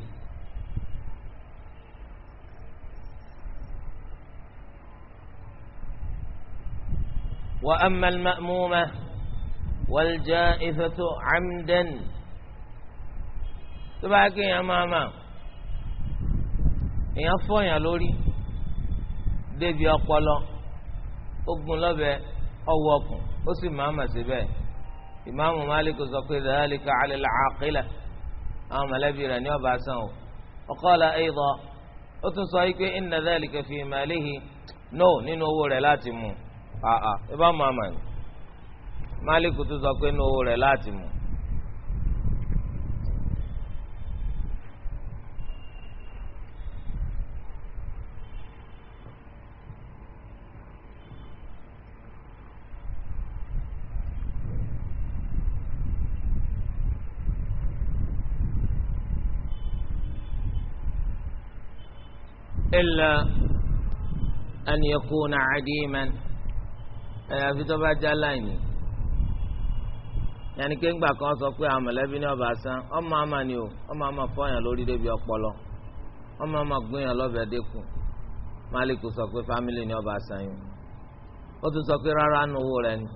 وأما المأمومة والجائفة عمدا تبع يا ماما èèyàn fọyàn lórí débi ọpọlọ ogun lọbẹ ọwọ ọkùn ó sì máa mà sí bẹ́ẹ̀ ìmáàmù Malik sọ pé dhalika ala al-aqila àwọn mọ̀lẹ́bí rẹ̀ ní ọba sàn o wa qala ayda ó tún sọ yìí pé inna dhalika fi malihi no nínú owó rẹ̀ láti mú un. àà ibà màmá ni Málíkù tó sọ pé inú owó rẹ̀ láti mú. إلا أن يكون عديما àyàfi tó bá já láìní yàní kéńgbà kan sọ pé àwọn mọ̀lẹ́bí ní ọba san ọmọ àmà ni o ọmọ àmà fọyàn lórí débi ọpọlọ ọmọ àmà gbóyàn lọ́bẹ̀ dẹ́kun máàlíkù sọ pé fámìlì ní ọba san yìí ó tún sọ pé rárá nu owó rẹ ni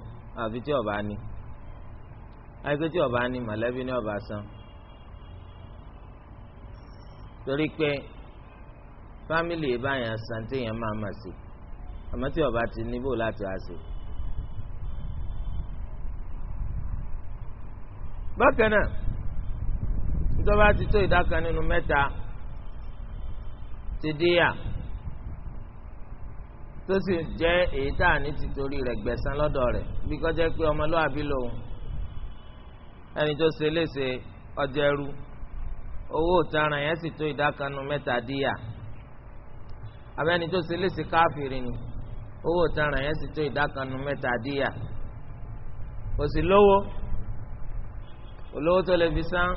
àfi tí ọba ni àyíké tí ọba ni mọ̀lẹ́bí ní ọba san torí pé fámìlì ìbáyàn san téèyàn máa mà sí àmọ́ tí ọba ti níbò láti wá bákan náà ìjọba ti tó ìdá nínú mẹ́ta ti díyà tó sì jẹ́ èyí tá ní tìtorí rẹ̀ gbẹ̀san lọ́dọ̀ rẹ̀ bí jẹ́ pé ọmọlúwàbí lòun ẹni tó ṣe léṣe owó òtaràn yẹn sì tó ìdá nínú ni owó òtaràn yẹn sì tó nínú mẹ́ta olówó tó lè fi san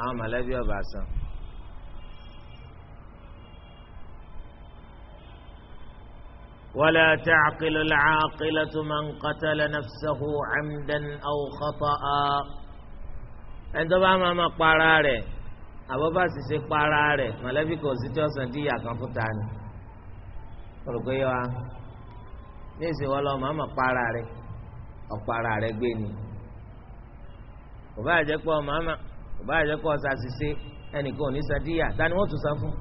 àwọn mọ̀lẹ́bí ọba san. ولا تعقل العاقلة من قتل نفسه عمدا أو خطأ ẹni tó bá máa ma para rẹ̀ àbọ̀bá sì ṣe para rẹ̀ mọ̀lẹ́bí kò sí tí ọ̀sán díyà kan fún ta ni olùkọ́ yẹ wa ní ìsìn wọn lọ máa ma para rẹ̀ ọ̀para rẹ̀ gbé ni kò bá jẹ́ pé ọmọ àmà kò bá jẹ́ pé ọ̀sà ṣiṣẹ́ ẹnìkan ò ní sadíyà tani wọ́n tún san fún.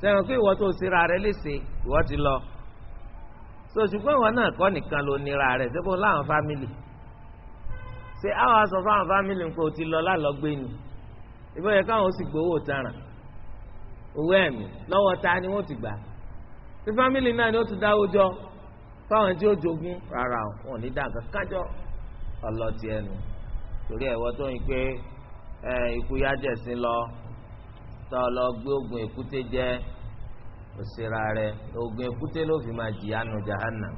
sẹ́wọ̀n pé ìwọ tó síra rẹ léṣe ìwọ ti lọ. so ṣùgbọ́n ìwọ náà kọ́ nìkan ló nira rẹ̀ sẹ́kọ̀ọ́ láwọn fámìlì. ṣé àwọn aṣọ fáwọn fámìlì nǹkan ò ti lọ lálọ́gbé ni ìbọn yẹn káwọn ó sì gbowó taràn owó ẹ̀mí lọ́wọ́ ta ni wọ́n ti gbà. ṣé fámìlì náà ni ó ti dáwó jọ fáwọn tí ó jogún rárá wọn ò ní dá nǹkan kájọ. ọlọ́tì ẹnu torí ẹ̀wọ́ tó ń pé ẹ ikú yájẹ̀sín lọ tọ́ ọ lọ gbé oògùn èkúté jẹ òsèrà rẹ oògùn èkúté ló fi máa jìyà nù jahanna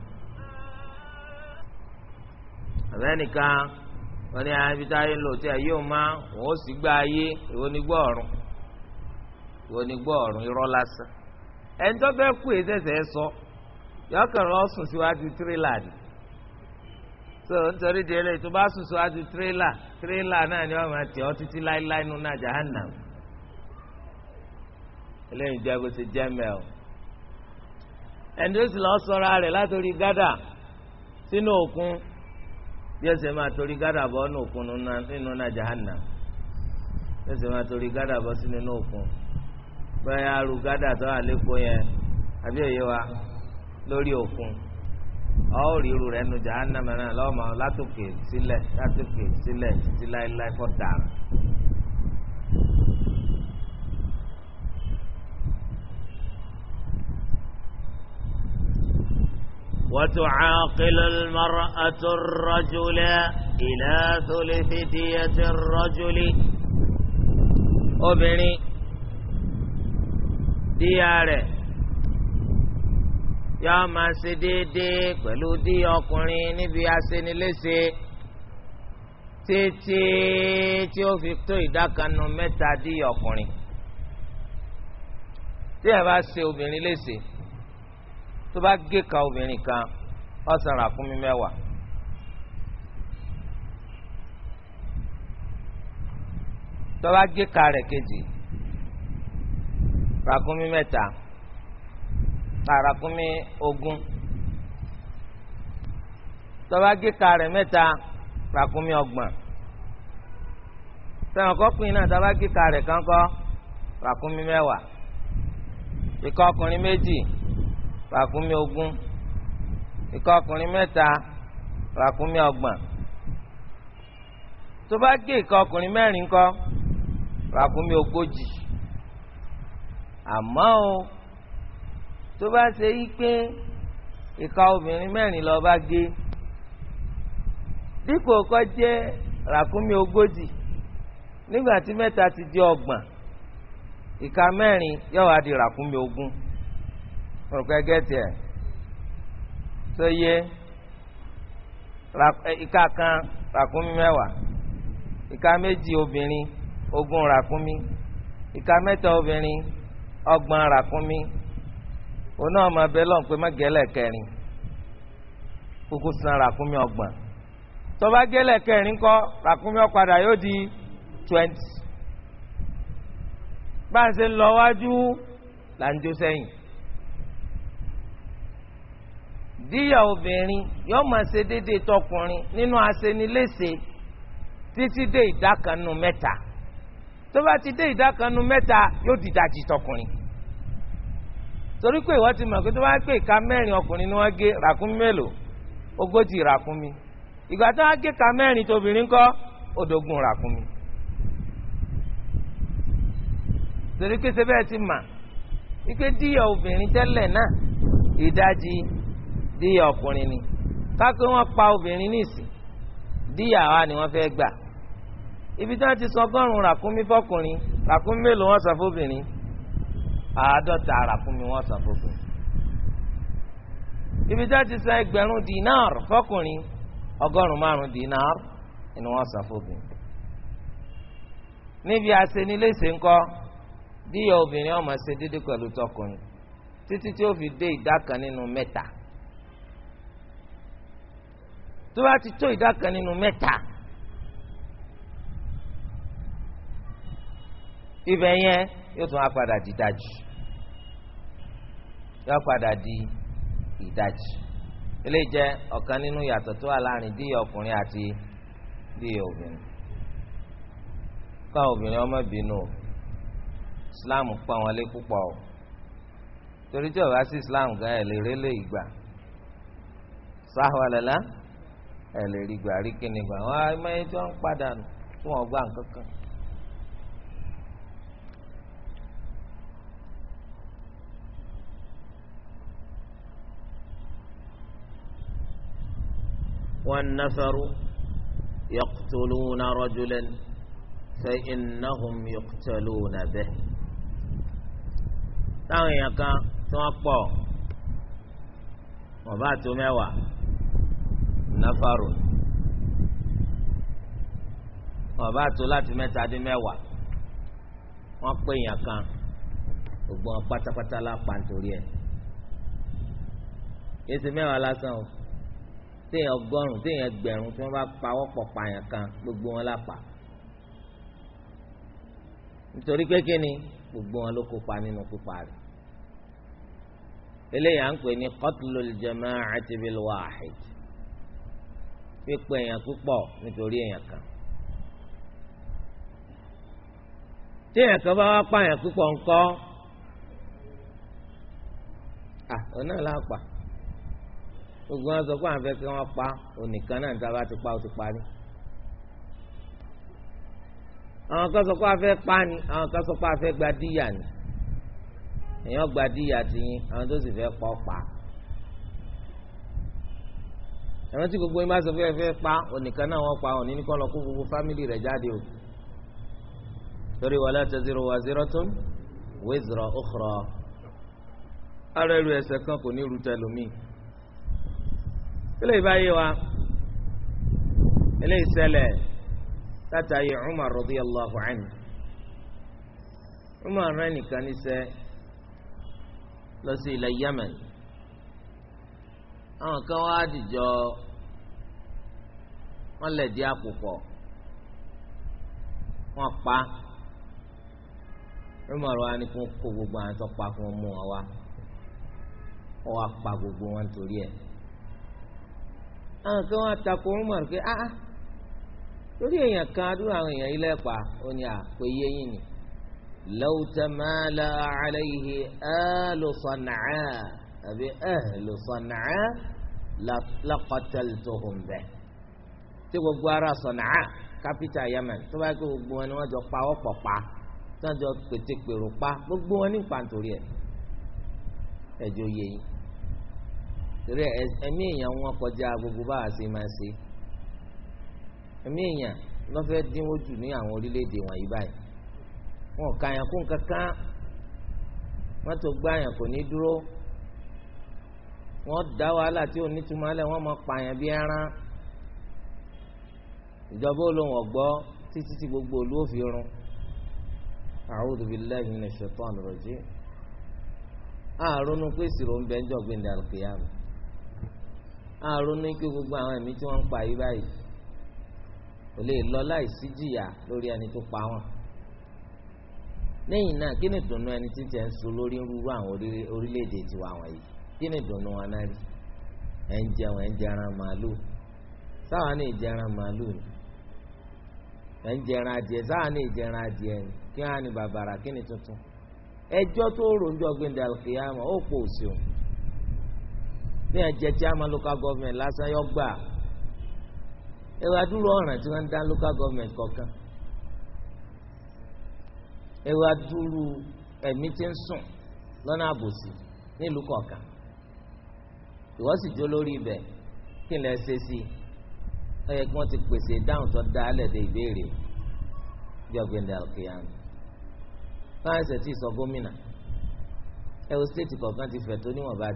àbẹ́nìkan wọ́n ní ah, ibi táyé ń lò tí ẹ yóò má òun ó sì gbá ayé ìwọ ní gbọ́ ọ̀run ìwọ ní gbọ́ ọ̀run irọ́ lásán ẹni tó kú èsẹ̀sẹ̀ sọ yọkàn lọ sùn síwájú tírélà ni. so nítorí di eléyìí tó bá sùn ti tírélà tírélà náà ni wọn máa tẹ ọ títí láéláé nínú náà jahannam eléyìí jẹ bó o ẹni tó sì lọ sọra rẹ̀ látòrí gádà sínú òkun bí máa torí gádà bọ nínú òkun nínú náà jahannam bí ẹsẹ máa torí gádà bọ sínú òkun bẹ́ẹ̀ arú gádà tó wà yẹn wa lórí òkun. ọ rí irú rẹ nu jahannama náà lọ́mọ látòkè sílẹ̀ látòkè sílẹ̀ títí láéláé kọ́ dàrú. وتعاقل المرأة الرجل إلى ثلث دية الرجل obìnrin díyà rẹ̀ yóò máa ṣe déédéé pẹ̀lú dí ọkùnrin níbi aṣeniléṣe títí tí ó fi tó ìdákanu mẹ́ta dí ọkùnrin tí ẹ bá ṣe obìnrin léṣe tó bá gé ka obìnrin kan ó san ràkúnmí mẹ́wàá. tó gé ka rẹ̀ kejì ràkúnmí mẹ́ta àràkúnmí ogun, tọ́ba gíga rẹ̀ mẹ́ta ràkúnmí ọgbọ̀n sẹ́wọ̀n kọ́kùnrin náà tọ́ba gíga rẹ̀ kánkọ́ ràkúnmí mẹ́wàá ikọ̀ ọkùnrin méjì ràkúnmí ogún ikọ̀ ọkùnrin mẹ́ta ràkúnmí ọgbọ̀n tó bá gé ọkùnrin mẹ́rin ńkọ́ ràkúnmí ogójì àmọ́ o tó bá ṣe yí pé ìka obìnrin mẹ́rin lọ bá gé dípò kọ́ jẹ́ ràkúnmí ogójì nígbà tí mẹ́ta ti di ọgbọ̀n ìka mẹ́rin yóò wá di ràkúnmí ogún òrùka gẹ́tì ẹ̀ tó yẹ eh, ìka kan ràkúnmí mẹ́wàá ìka méjì obìnrin ogún ràkúnmí ìka mẹ́ta obìnrin ọgbọ̀n ràkúnmí. òun náà máa bẹ lọ́n pé má gẹ́lẹ̀ kẹrin kókó san ràkúnmí ọgbọn tó bá gẹ́lẹ̀ kẹrin kọ́ ràkúnmí ọ̀padà yóò di twenty bá a ṣe ń lọ wájú là ń jó sẹ́yìn díyà obìnrin yóò máa ṣe déédéé tọkùnrin nínú aṣeniléṣe títí dé ìdákanu mẹ́ta tó ti dé ìdákanu mẹ́ta yóò di ìdajì tọkùnrin torí pé ìwọ ti mọ̀ pé tó bá pè ká mẹ́rin ọkùnrin ni wọ́n gé ràkúnmí mélòó ogójì ràkúnmí ìgbà tó wá gé ká mẹ́rin tóbìnrin kọ́ odògùn ràkúnmí. torí pé sẹ́bẹ̀ ti mà wípé díyà obìnrin tẹ́lẹ̀ náà ìdajì díyà ọkùnrin ni kápẹ́ wọ́n pa obìnrin nísìn díyà wa ni wọ́n fẹ́ gbà ibi tí wọ́n ti sọ ọgọ́rùn-ún ràkúnmí fọkùnrin ràkúnmí mélòó wọ́n sọ fóbìnrin àádọ́ta ara fún mi wọ́n san fófin. ibi tá a ti san ẹgbẹ̀rún dinar fọkùnrin ọgọ́rùn-ún márùn-ún dinar ni wọ́n san fófin. níbi àṣeniléṣe ńkọ́ díyà obìnrin ọmọ ṣe dídí pẹ̀lú tọkùnrin títí tí ó fi dé ìdá kan nínú mẹ́ta tó bá ti tó ìdá kan nínú mẹ́ta ibẹ̀ yẹn yóò tún wá padà di ìdajì yóò padà di ìdajì eléyìí jẹ́ nínú yàtọ̀ tó wà láàrin díyẹ ọkùnrin àti díyẹ obìnrin káwọn obìnrin ọmọ islam pa wọn lé púpọ̀ o torí tí ọba sí islam gan ẹ lè ìgbà sáwàlẹ́lá ẹ rí kíni gbà wọn àìmọye tí wọn ń padà tí wọn والنفر يقتلون رجلا فإنهم يقتلون به táwọn èèyàn kan tí wọ́n pọ̀ wọ́n bá tó mẹ́wàá nafaru wọ́n bá tó láti mẹ́ta dín mẹ́wàá wọ́n pé èèyàn kan gbogbo wọn pátápátá lápá nítorí ẹ̀ yéésì mẹ́wàá lásán o téèyàn ọgọ́rùn téèyàn gbẹ̀rún tí wọ́n bá pawọ́ pọ̀ pààyàn kan gbogbo wọn lápá nítorí pé kíni gbogbo wọn ló kópa nínú pípa rẹ̀ eléyà ń pè ní qatlul jama'ati bil wahid pípa èèyàn púpọ̀ nítorí èèyàn kan téèyàn kan bá wá pààyàn púpọ̀ ńkọ́ ah òun náà lápàá gbogbo wọn sọ pé àwọn fẹ́ kí wọ́n pa onìkan náà níta bá ti pa ó ti parí. àwọn kan sọ pé a pa ni àwọn kan sọ pé a fẹ́ gba díyà ni èèyàn gba díyà ti yín àwọn tó sì fẹ́ pa ọ pa. àwọn tí gbogbo yín bá sọ pé ẹ pa onìkan náà wọ́n pa òní ní kọ́ lọ kó gbogbo fámìlì rẹ̀ jáde o. torí wala taziru waziratun wizra ukhra. ara ẹrù ẹ̀ṣẹ̀ kan kò ní rú tẹlómi kílẹ̀ ìbáyé wa eléyìí ṣẹlẹ̀ látàyè Umar radiyallahu anhu Umar rán nìkan níṣẹ́ lọ sí ilẹ̀ Yemen àwọn kan wá dìjọ wọn lẹ̀ di àpòpọ wọn pa Umar wa ni kó gbogbo àwọn tó pa fún ọmọ wa wá wọn pa gbogbo wọn torí ẹ̀ àwọn kan wá takò Umar pé ah lórí ah. èèyàn kan adúrú àwọn èèyàn ilé pa ó ní àpò ah, iye yìí ni law tamala alayhi ahlu Sana'a àbí ahlu Sana'a laqataltuhum bih tí gbogbo ara Sana'a kápítà Yemen tó bá gbé gbogbo wọn ni wọ́n jọ pa ọ̀pọ̀ pa tó jọ pètèpèrò pa gbogbo wọn ní pàǹtórí ẹ̀ ẹ̀jọ̀ yẹ torí ẹ̀mí èèyàn wọn kọjá gbogbo báwa ṣe máa ṣe ẹ̀mí èèyàn ló fẹ́ dínwó jù ní àwọn orílẹ̀-èdè wọ̀nyí báyìí wọn kà yàn kún kankan mọ́tò gbá yàn kò ní dúró wọ́n dá wàhálà tí ò nítumọ̀ lẹ̀ wọ́n mọ̀ pààyàn bí ẹran ìjọba olóhùn ọ̀gbọ́ títí tí gbogbo olú òfin run a'udhu billahi minash shaitani rajim àrùn pèsè ló ń bẹ ń jọ gbẹndẹ àlùkìyàmù àrònú ikú gbogbo àwọn ẹ̀mí tí wọ́n ń pa yìí báyìí kò lè lọ láì sí jìyà lórí ẹni tó pa wọn lẹ́yìn náà kí ni ìdùnnú ẹni tí tiẹ̀ ń so lórí rúru àwọn orílẹ̀-èdè tiwa wọ̀nyí kí ni ìdùnnú wọn náà rí ẹ̀ ń jẹun ẹ̀ ń jẹran màálùú sáwọn ní ìjẹran màálùú ni ẹ̀ ń jẹran adìẹ sáwọn ní ìjẹran adìẹ ni kí wọn á ní bàbàrà kí ni tuntun ẹjọ́ tó rò ń jọ ó pò òsì bí wọn jẹ chairman local government lásán yọ gbà ẹwà dúró ọ̀ràn tí wọ́n ń dá local government kọ̀ọ̀kan ẹwà dúró ẹ̀mí tí ń sùn lọ́nà àbòsí nílùú kọ̀ọ̀kan ìwọ sì jó lórí ibẹ̀ kí n lè ṣe sí i ó yẹ kí wọ́n ti pèsè dáhùn tó dá lẹ́dẹ̀ ìbéèrè bí ọ̀gbìndà òkèèyàn fáwọn ẹsẹ̀ tí ì sọ gómìnà ẹ wo stéètì kọ̀ọ̀kan ti fẹ̀ tó níwọ̀n bá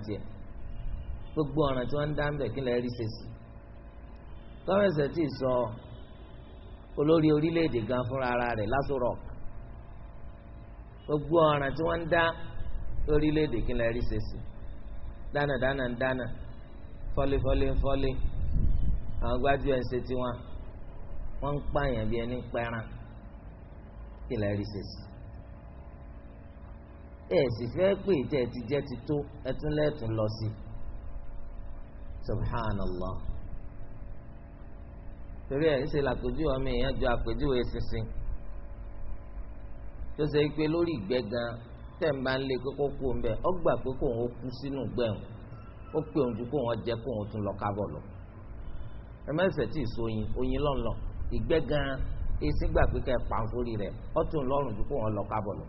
gbogbo ọ̀ràn tí wọ́n ń dá ń bẹ̀ kí lè rí sèṣì gọ́mẹ̀sẹ̀ tí ì sọ olórí orílẹ̀-èdè gan fúnra ara rẹ̀ lásù rock gbogbo ọ̀ràn tí wọ́n ń dá lórílẹ̀-èdè kí lè rí sèṣì dánàdánà ń dánà fọ́lífọ́lí ń fọ́lí àwọn gbájú ẹ̀ ń ṣe tiwọn wọ́n ń pààyàn bí ẹni ń pẹ́ran kí lè rí sèṣì ẹ̀ sì fẹ́ pé ìtẹ̀ ti jẹ́ ti tó ẹ lọ sí i subhanallah torí ẹ̀ ń ṣe làpèjúwe ọmọ èèyàn ju àpèjúwe ṣinṣin tó ṣe pé lórí ìgbẹ́ gan tẹ̀ ń bá ń lé kókó kú ń bẹ̀ ọ gbà pé kóun ó kú sínú gbẹ̀hùn ó pè òun ju kóun ó jẹ kóun ó tún lọ kábọ̀ lọ ẹ mẹ́sẹ̀ tí ì so oyin oyin lọ́nlọ́ ìgbẹ́ gan èsì gbà pé kẹ́ ẹ pa nǹkórì rẹ̀ ọ tún lọ́rùn ju kóun ó lọ kábọ̀ lọ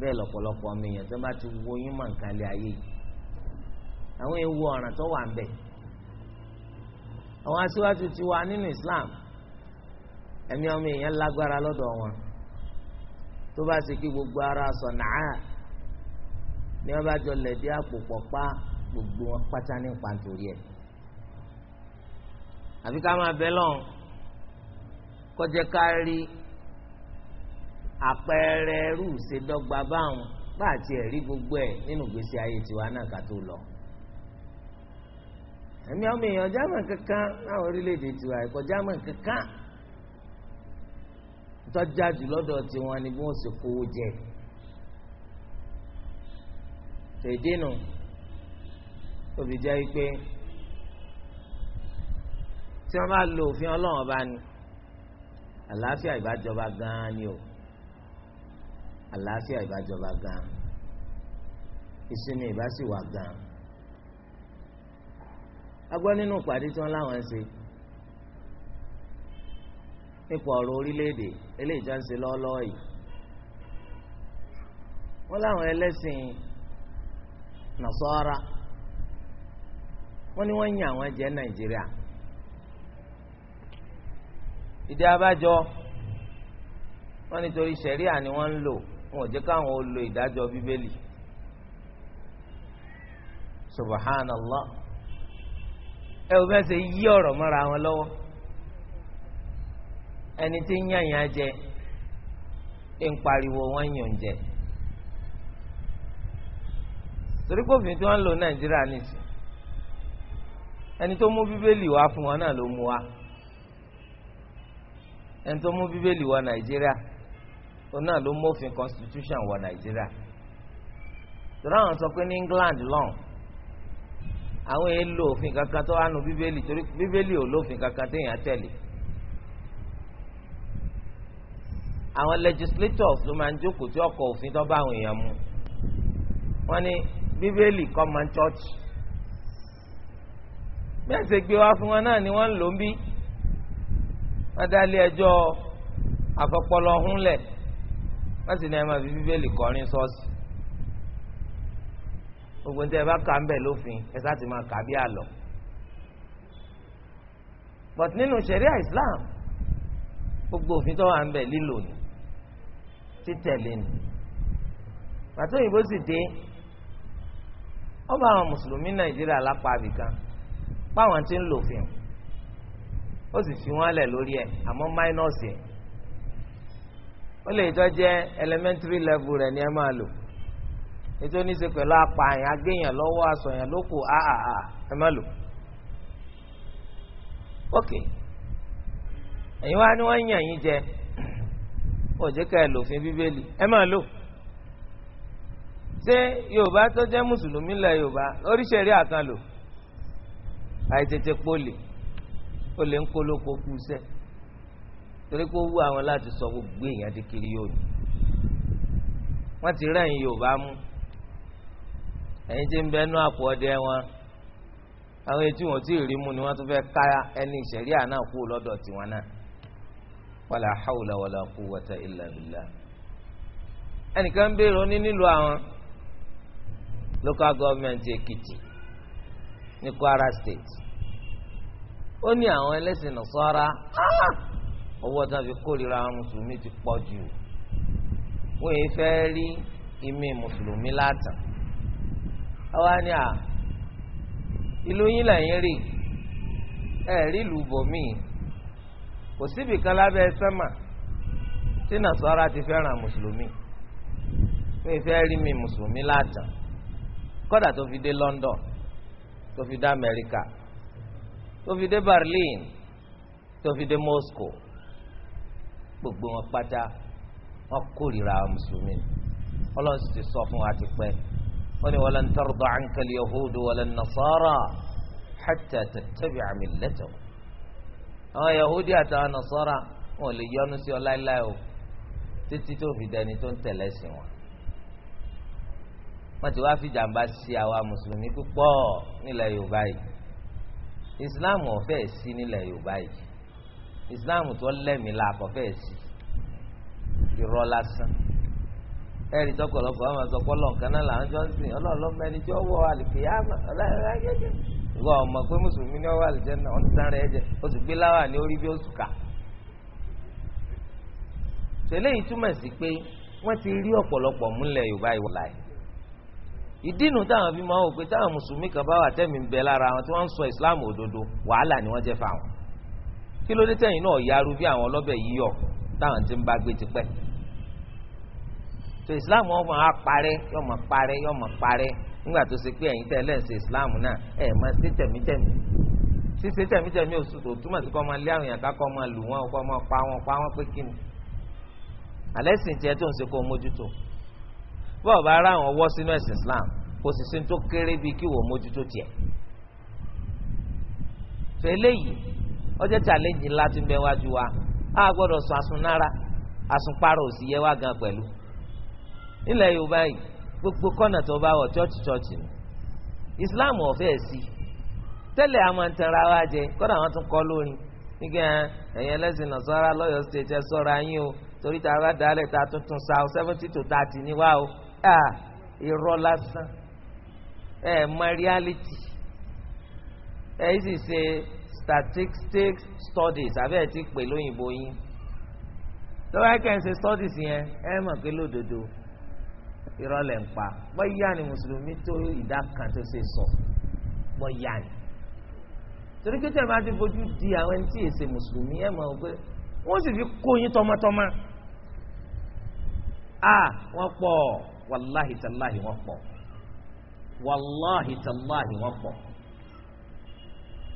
bẹ́ẹ̀ lọ́pọ̀lọpọ̀ ọmọ èèyàn tó bá ti wo oyún mọ̀ nǹkan lé ayé yìí àwọn ewu ọ̀ràn tó wà ń bẹ àwọn aṣíwájú ti wà nínú Islam ẹ̀mí ọmọ èèyàn lágbára lọ́dọ̀ wọn tó bá ṣe kí gbogbo ara sọ̀nàá ni wọ́n bá jọ lẹ̀dí àpò pọ̀pá gbogbo wọn pátá ní pàǹtórí ẹ̀ àfi ká máa bẹ lọ́n kọjá ká rí àpẹẹrẹ rú ṣèdọ́gba báwọn bá àti ẹ̀rí gbogbo ẹ̀ nínú ìgbésí ayé tiwa náà ká tó lọ ẹ̀mí àwọn èèyàn german kankan láwọn orílẹ̀-èdè tiwa ẹ̀kọ́ german kankan tọ́jà jù lọ́dọ̀ tiwọn ni bí wọ́n sì kówó jẹ tèdè tóbi jẹ́ pé tí wọ́n bá lo òfin ọlọ́run ọba ni àlàáfíà ìbájọba gan-an ni o àlàáfíà ìbájọba gan-an ìsinmi ìbá sì wà gan-an agbọ́ nínú ìpàdé tí wọ́n láwọn ṣe nípa ọ̀rọ̀ orílẹ̀-èdè eléyìí tí wọ́n ń ṣe lọ́ọ́lọ́ọ́ yìí wọ́n láwọn ẹlẹ́sìn nàṣọ́ra wọ́n ní wọ́n ń yàn àwọn jẹ́ nàìjíríà ìdí abájọ wọ́n nítorí sẹ̀ríà ni wọ́n ń lò wọn ò jẹ́ káwọn ó lo ìdájọ́ bíbélì subhanallah ẹ wò bẹ́ẹ̀ ṣe yí ọ̀rọ̀ mọ́ra wọn lọ́wọ́ ẹni tí ń yànyàn jẹ ń pariwo wọn yàn jẹ torí kófin tí wọ́n ń lò nàìjíríà nìsín ẹni tó mú bíbélì wá fún wọn náà ló mú wá ẹni tó mú bíbélì wá nàìjíríà òun náà ló mú òfin constitution wọ nàìjíríà torí àwọn sọ pé ní England lọ́hùn àwọn èèlò òfin kankan tó wà nù bíbélì torí bíbélì ò lófin kankan téèyàn tẹ̀lé àwọn legislators ló máa ń jókòó tí ọkọ̀ òfin tó bá àwọn èèyàn mu wọ́n ní bíbélì kọ́ máa ń gbé wá fún wọn náà ni wọ́n ń lò ń bí wọ́n dá ilé ẹjọ́ àfọpọ́lọ́ húnlẹ̀ wọ́n sì ní ẹ máa fi bíbélì kọrin ṣọ́ọ̀ṣì gbogbo ní tẹ́ ẹ bá kà ń bẹ̀ lófin ẹ sá ti máa kà bí àlọ́ but nínú ṣẹ̀ríà Islam gbogbo òfin tó wà ń bẹ̀ lílò ni títẹ̀lé ni pàtó òyìnbó sì dé ọba àwọn mùsùlùmí Nàìjíríà lápá abìkan páwọn ti ń lòfin ó sì fi wọn lẹ̀ lórí ẹ̀ àmọ́ máínọ́ọ̀sì ẹ̀ ó lè tọ́ jẹ́ elementary level rẹ̀ ni ẹ máa lò ètò oníṣe pẹ̀lú apààyàn agbéyàn lọ́wọ́ asọ̀yàn lóko àà ẹ má lò. ok ẹ̀yin wá ní wọ́n yàn yín jẹ òjì ká ẹ lòfin bíbélì ẹ má lò. ṣé yorùbá tó jẹ́ mùsùlùmí lẹ̀ yorùbá oríṣiríṣi àkàn lò àìtètè pólì ó lè ń kólókó kú sẹ́ torí pé ó wú àwọn láti sọ gbogbo èèyàn di kiri yóò ní wọ́n ti rẹ́yìn yorùbá mú ẹ̀yin tí ń bẹ nú àpò ọdẹ wọn àwọn etí wọn tí rí mu ni wọn tún fẹ́ ká ẹni ìṣẹ̀ríà náà kú lọ́dọ̀ tiwọn náà wàlà hàwùlà wàlà quwwata illa billah ẹnìkan ń béèrè àwọn local government ní Kwara state ó ní àwọn owó fi kórìíra mùsùlùmí ti jù yìí rí àwa ni à ìlú yín lẹ́yìn rí ẹ̀ rí ìlú kò síbi kan ti fẹ́ràn mùsùlùmí ìfẹ́ rí mi mùsùlùmí kọ́dà tó fi dé London tó fi dé Amẹ́ríkà tó fi dé Berlin tó fi dé Moscow gbogbo wọn pátá wọn kórìíra mùsùlùmí ọlọ́run sì ti sọ fún wa ti pẹ́ wọ́n ní walan tarda anka al-yahudu walan nasara hatta tattabi'a millatahum àwọn yahudi àtàwọn nasara wọn ò lè yọ́nú sí ọ láéláé o títí tó fi dẹni tó ń tẹ̀lé sí wọn wọ́n ti wá fi jàǹbá sí àwa mùsùlùmí púpọ̀ nílẹ̀ yorùbá yìí islam ò sí nílẹ̀ yorùbá yìí islam tó lẹ́mìí la kò fẹ́ sí irọ́ lásán ẹ̀rí tọkọlọpọ̀ àwọn àzọpọ̀lọ̀ nǹkan náà làwọn jọ ń sìn ọlọ́ọ̀lọ́mọ ẹni tí ó wọ àlìkìyàmà ọlọ́ọ̀lọ́gẹ́gẹ́ ìwọ ọmọ pé mùsùlùmí ni ó wà lìjẹ́ náà ó ń tán rẹ̀ jẹ ó sì gbé láwà ní orí bí ó sùn kà. tẹ̀lé yìí túmọ̀ sí pé wọ́n ti rí ọ̀pọ̀lọpọ̀ múlẹ̀ yorùbá ìwà láì. ìdínú táwọn fi máa ń wò pé táwọn mùsùlùmí kan bá wà tẹ́mi bẹ lára àwọn tí wọ́n ni wọ́n jẹ́ fáwọn. kí ló dé tẹ̀yìn náà yarú bí àwọn ọlọ́bẹ̀ yíyọ̀ so islam wọn máa parẹ yọ máa parẹ yọ máa parẹ nígbà tó ṣe pé ẹyin tẹ́lẹ̀ ń ṣe islam náà ẹ̀ máa ṣe tẹ̀mítẹ̀mí ṣíṣe tẹ̀mítẹ̀mí òṣùṣù túmọ̀ sí kọ́ máa lé àwọn èèyàn kọ́ pa wọ́n pa wọ́n pé kí ni alẹ́ sì ń tó ń ṣe kó mójútó bọ́ọ̀ bá islam kò sì sí tó kéré bíi kí mójútó tiẹ̀ tó eléyìí ọjọ́ ti ń wa a gbọ́dọ̀ sọ òsì yẹ wá gan pẹ̀lú nílẹ̀ yorùbá yìí gbogbo kọ́nà tó bá wọ̀ chọ́ọ̀chì chọ́ọ̀chì ni islam ọ̀fẹ́ sí tẹ́lẹ̀ àwọn àǹtẹ̀rẹ̀ wa jẹ kọ́nà àwọn tún kọ́ lórin nígbà ẹ̀yìn ẹlẹ́sìn nàṣọ́ra lọ́yọ̀ state ẹ sọ́ra yín o torí tá a bá dalẹ̀ tá tuntun sa o seventy to thirty ni wá o à irọ́ lásán ẹ mọ reality ẹ sì ṣe statistics studies àbẹ́ ẹ ti pè lóyìnbó yín lọ́wọ́ ẹ kẹ́ ń ṣe studies yẹn ẹ mọ̀ pé lódodo ìrọ̀lẹ́ ń pa bọ́yá ni mùsùlùmí tó ìdá kan tó ṣe sọ bọ́yá ni torí pé tẹ̀lé bá ti fojú di àwọn ẹni tí èsè mùsùlùmí ẹ̀ mọ̀ pé wọ́n sì fi kó yín tọmọtọmọ a wọ́n pọ̀ wàláhì tàláhì wọ́n pọ̀ wàláhì tàláhì wọ́n pọ̀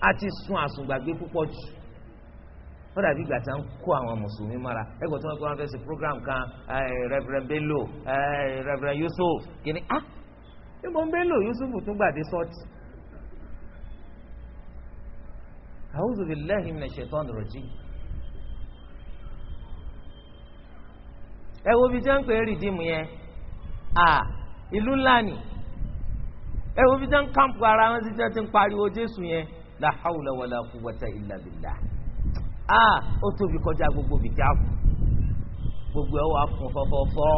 a ti sun àsùngbàgbé púpọ̀ jù wọ́n dàbí ìgbà tí wọ́n kó àwọn mùsùlùmí Mara. ẹgbẹ́ tí wọ́n kó wọn fẹ́ ṣe program kan Reverend Bello Reverend Yusuf kìíní ah níbo Bello Yusuf tún gbàdé sọ́ọ̀tì. A'udhu billahi minash shaitanir rajim. ẹ wo ibi tí wọ́n ń pè é rìdíìmù yẹn à ìlú ńlá ni ẹ wo ibi tí wọ́n ń kàǹpù ara wọn sí tí ti ń pariwo Jésù yẹn la hawla wala quwwata illa billah. a ah, ó tóbi kọjá gbogbo bìtá gbogbo ẹ̀ wà fún fọ́fọ́fọ́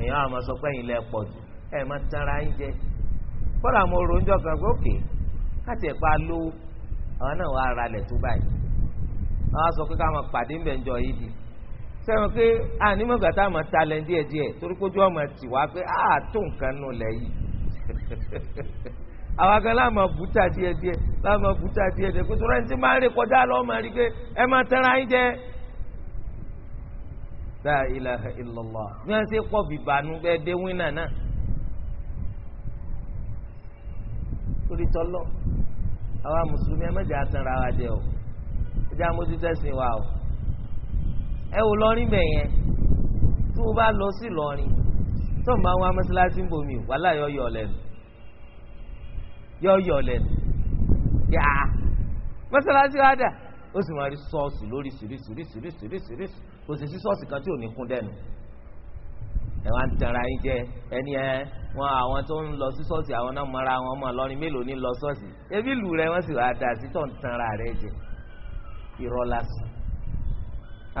èèyàn àmọ́ sọ pé ẹ̀yin lẹ jù ẹ̀ má tara ń jẹ kọ́dà mo ro oúnjẹ pé òkè pa lówó àwọn náà wàá ra tó báyìí sọ pé ká pàdé ń ń jọ yìí di sẹ́wọ̀n pé tá a máa ta lẹ̀ díẹ̀díẹ̀ torí pé ojú ọmọ ti wá pé tó nǹkan (laughs) àwa gan láàmú bùtà díẹ̀ díẹ̀ láàmú bùtà díẹ̀ díẹ̀ kó tó rẹ ti máa da kọjá lọ máa rí pé ẹ máa tẹ́ra yín jẹ. wọ́n bìbànú bẹ́ẹ̀ dé torí mùsùlùmí ẹ mẹ́jọ o ẹ jẹ́ àmójútó ẹ̀sìn wa o. ẹ wò lọ́rin bẹ̀ yẹn tó o bá lọ sí lọ́rin tó o máa wá mọ́ṣáláṣí ń bomi wàhálà yọ yọ lẹnu. yàá mọ́sálásí wa dà ó sì máa rí sọ́ọ̀sì lóríṣiríṣiríṣiríṣiríṣi kò sì sí kan tí ò ní kún dẹnu ẹ wá ń yín jẹ ẹni ẹ wọn àwọn tó ń lọ sí awọn àwọn náà mọ́ra wọn mọ́ lọ́rin mélòó lọ ebi lù rẹ wọn sì wá dà sí ń rẹ jẹ irọ́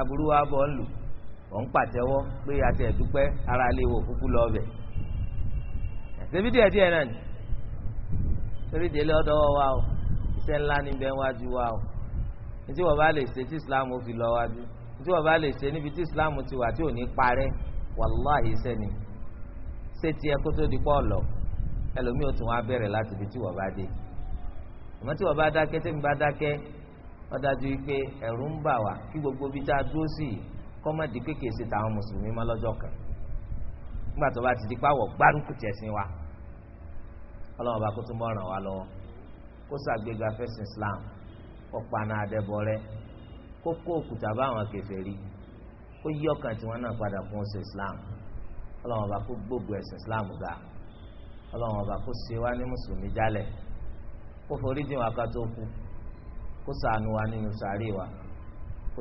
aburú wa bọ̀ ń lù ọ̀ ń pàtẹ́wọ́ pé àti ẹ̀dúpẹ́ torí délé ọdọwọ wa o iṣẹ́ ńlá níbẹ̀ wájú wa o ní tí wọ́n bá lè ṣe tí islam ó fi lọ wájú ní tí wọ́n bá lè ṣe níbi tí islam ti wà tí ò ní parẹ́ wàláhì iṣẹ́ ni ṣé tiẹ̀ kó tó di pọ̀ lọ ẹlòmíì ó tún wá bẹ̀rẹ̀ láti ibi tí wọ́n bá dé àmọ́ tí wọ́n bá dákẹ́ tí mi bá dákẹ́ wọ́n dájú pé ẹ̀rù ń bà wá kí gbogbo ibi tá a dúró sí i kọ́mọ̀dé kékeré ṣe tàwọn mùsùlùmí mọ́ lọ́jọ́ kan nígbà tó bá ti di pàwọ̀ gbárùkù tẹ̀sìn wa. ọlọ́run ọba kó tó mọ́ ràn wá lọ́wọ́ kó ṣàgbéga fẹ́sìn Islam kó paná adẹ́bọrẹ́ kó kó òkúta bá àwọn kèfèrí kó yí ọkàn tiwọn náà padà fún ọsẹ Islam ọlọ́run ọba kó gbogbo ẹ̀sìn Islam ga ọlọ́run ọba kó ṣe wá ní mùsùlùmí jálẹ̀ kó forí dín ká tó kú kó nínú sàárè wa kó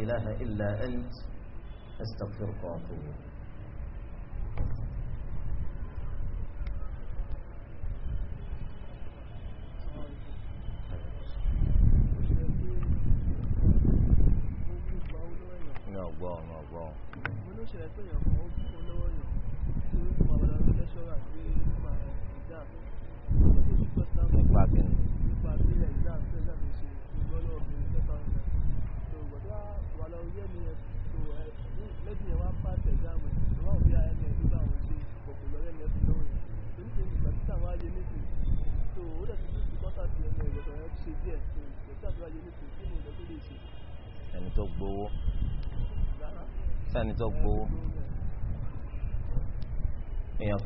ilaha أستغفرك وأتوب إليك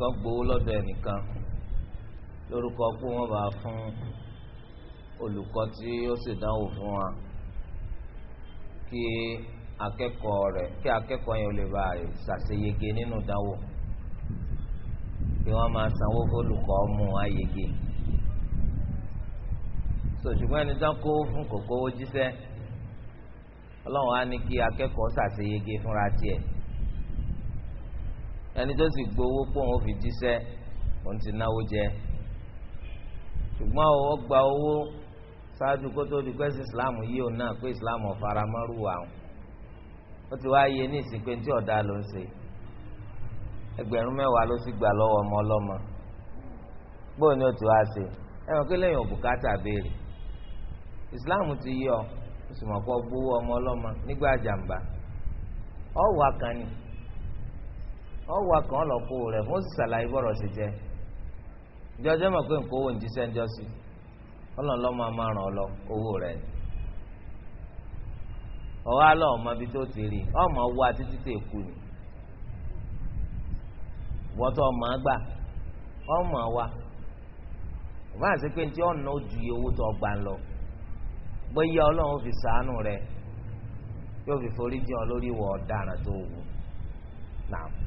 kan gbowó lọ́dọ̀ ẹnìkan lórúkọ pé wọ́n bá fún olùkọ́ tí ó sì dánwò fún wa kí akẹ́kọ̀ọ́ rẹ̀ kí akẹ́kọ̀ọ́ yẹn ò lè bá ṣàṣeyege nínú ìdánwò kí wọ́n máa sanwó fólùkọ́ mú wa yege ẹni tán kó fún kòkó jíṣẹ́ ọlọ́run á ní kí akẹ́kọ̀ọ́ ṣàṣeyege fúnra tiẹ̀ ẹni tó sì gbowó pọ̀ fi jíṣẹ́ òun ti náwó jẹ ṣùgbọ́n ó gba owó ṣáájú kó tó di pé sí islam yìí òun náà pé islam àwọn ó ti yẹ ní ìsìnkú tí ọ̀dà ló ń ṣe ẹgbẹ̀rún mẹ́wàá ló sì ni ṣe ẹ̀wọ̀n kí lẹ́yìn ti yọ ó sì mọ̀ kó gbowó ọmọ ọlọ́mọ nígbà Ọ akàn lọkọ rẹ wọn sì ṣàlàyé bọrọ sí jẹ ìjọ ọjọ mọ pé nǹkan owó ìjíṣẹ ń máa máa ràn owó rẹ ni ọwọ ọma ọmọ ibi tó ti rí ọmọ owó títí èkú ni wọtọ ọmọ ọmọ wa pé ntí ọ̀nà ojú iye owó tó lọ bóyá Ọlọ́run fi rẹ fi forí ọ lórí ìwọ ọ̀daràn tó wù náà.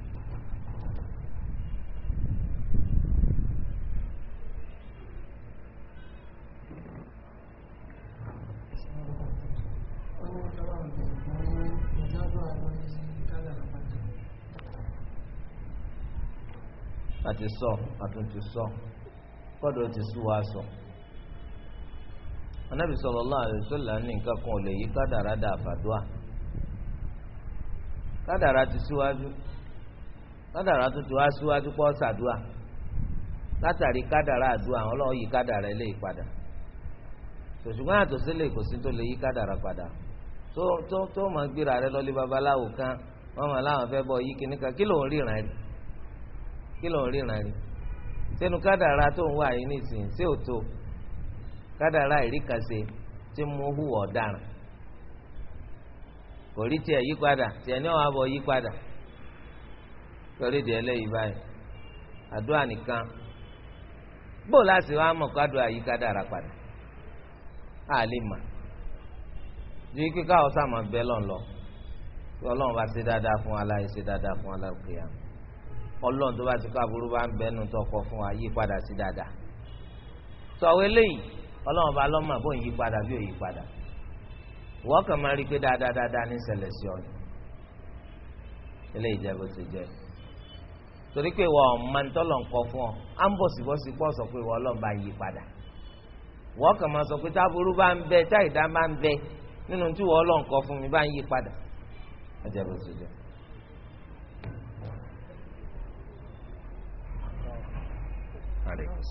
àti sọ àtúntì sọ kọ́dọ̀ ti sú wa sọ. anábì sallallahu alaihi wasallam ní nǹkan kan ò lè yí kádàrá dà àfàdúà kádàrá ti síwájú kádàrá tó ti wá síwájú pọ́ sàdúà látàrí kádàrá àdúà àwọn ọlọ́run yí kádàrá eléyìí padà ṣùgbọ́n àtòsílẹ̀ kò sí tó lè yí kádàrá padà tó tó tó máa gbéra kan máa láwọn fẹ́ yí kíníkan kí ló ń kí ló ń ríran ni sẹ́nu kádàrá tó ń wà yìí nìsín sí òtó kádàrá ìríkàsẹ́ tí mo hùwà ọ̀daràn kò rí tiẹ̀ yí padà tiẹ̀ ní ọ̀hún abọ̀ yí padà torí di ẹlẹ́yìí báyìí àdúrà nìkan bó láti wá mọ̀ yí kádàrá padà á lè mà ju ikú káwọ́ fún dáadáa fún ọlọ́run tó bá ti kọ́ aburú bá ń bẹnu tó kọ fún wa yí padà sí dáadáa tó àwọn eléyìí ọlọ́run bá lọ́mọ bó ń yí padà bí ò yí padà wọ́n kàn máa rí i pé dáadáa dáadáa ní ṣẹlẹ̀ sí ọ ni eléyìí jẹ́ bó ti jẹ́ torí pé wọ́n máa ń tọ́lọ̀ ń kọ fún ọ á ń bọ̀ síbọ̀sí pọ̀ sọ pé wọ́n ọlọ́run bá yí padà wọ́n kàn máa sọ pé táburú bá ń bẹ táìdá bá ń bẹ nínú tí wọ́n ọlọ́run kọ fún mi bá ń yí padà ọjọ́ bó ti jẹ́ alaikum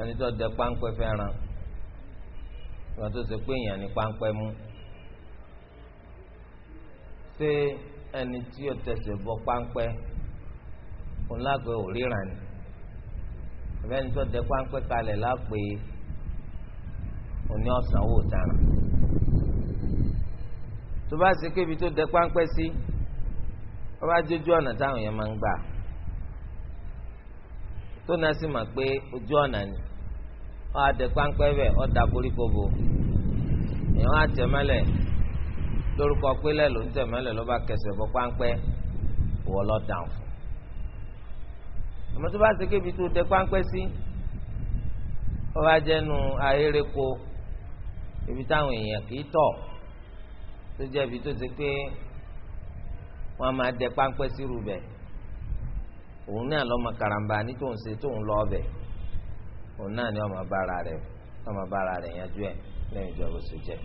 ẹni tó dẹ páńpẹ́ fẹ́ràn ìwà tó ṣe pé èèyàn ní páńpẹ́ mú ṣé ẹni tí ó tẹsẹ̀ bọ páńpẹ́ òun lágbo òríran ni ìbẹ́ni tó dẹ páńpẹ́ kalẹ̀ lápè òní ọ̀sán wò tààrà tó bá ṣe kébi tó dẹ páńpẹ́ sí wọ́n bá jójú ọ̀nà táwọn yẹn máa ń gbà tó náà sì mà pé ojú ọ̀nà ni ọ̀ adẹ páńpẹ́ bẹ̀ ọ̀ da koríko bò èèyàn á tẹ̀ mọ́lẹ̀ lórúkọ pélé ló ń tẹ̀ mọ́lẹ̀ ló kẹsẹ̀ bọ́ àmọ́ tó bá ṣe kébi tó dẹ páńpẹ́ sí ọba jẹnu ahéreko ibi táwọn èèyàn kì í tọ̀ tó jẹ́ ibi tó ṣe pé wọ́n máa dẹ páńpẹ́ sí rúbẹ̀ òun náà lọ́mọ karamba ní tòun ṣe tóun lọ ọbẹ̀ òun náà ni ọmọ bára rẹ̀ ọmọ bára rẹ̀ yanjú ẹ̀ lẹ́yìn ìjọba oṣù jẹ́.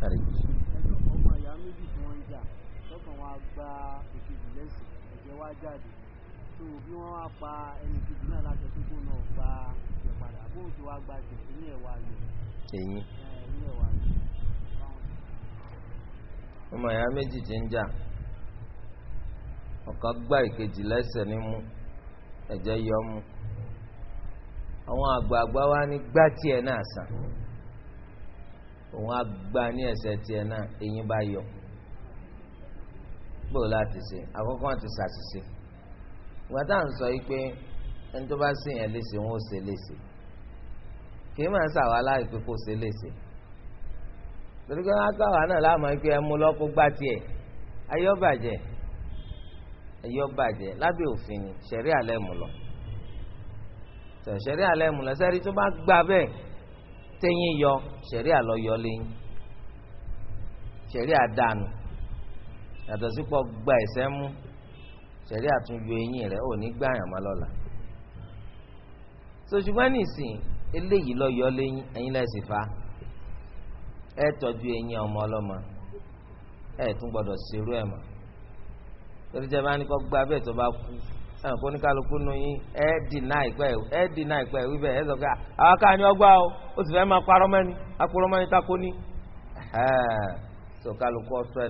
Thank you. gba èkejì lẹ́sìn ẹ̀jẹ̀ wá jáde tó bí wọ́n wá pa ẹnì kejì náà láṣọ tó náà gba ẹ̀jẹ̀ padà bóun ti wá gba ẹ̀jẹ̀ ní ẹ̀wà lẹ̀. ẹ̀yìn ọmọ ìyá méjì ti ń jà ọ̀kan gba ìkejì lẹ́sẹ̀ ní ẹ̀jẹ̀ yọ mú àwọn àgbààgbà wa ní gbá tiẹ̀ náà sàn òun á gbá ní ẹsẹ̀ tiẹ̀ náà eyín bá yọ bóò láti ṣe àkọ́kọ́ àti ṣàṣìṣe ìgbà tá à ń sọ yìí pé ẹni tó bá ṣe yẹn léṣe wọn ò ṣe léṣe kì í máa ṣàwọn aláìpé kó ṣe léṣe torí pé wọn káwa náà láàmú pé ẹ mú lọ́kọ́ gbá tiẹ̀ ayé ọ̀bàjẹ́ ayé ọ̀bàjẹ́ lábẹ́ òfin ni ṣẹ̀rí alẹ́ mú lọ ṣẹ̀rí alẹ́ mú lọ sẹ́rí tó bá gbà bẹ́ẹ̀ tẹ́yìn yọ ṣẹ̀rí àlọ́ yọ lẹ́yìn ṣẹ̀rí àdánù yàtọ̀ sípò gba ẹ̀sẹ̀ mú sẹ̀rí àtúnyọ eyín rẹ̀ ò ní gbà yàn má lọ́la sọ̀tùmọ́ nìsín eléyìí lọ yọ lẹ́yìn ẹ̀yin lẹ́sìn fa ẹ̀ tọ́jú eyín ọmọ ọlọ́mọ ẹ̀ tún gbọ́dọ̀ ṣerú ẹ̀ mọ́ torí jẹ́ bá ní kọ́ gba bẹ́ẹ̀ tó bá kú ẹ̀hún kó ní kálukú nu yín ẹ̀ dìnnà ìpẹ́ ẹ̀ dìnnà ìpẹ́ wíbẹ̀ ẹ̀ sọ pé àwọn ọgbà o ó sì fẹ́ máa parọ́ mẹ́ni akúrọ́ mẹ́ni sọ kálukú ọ̀tọ́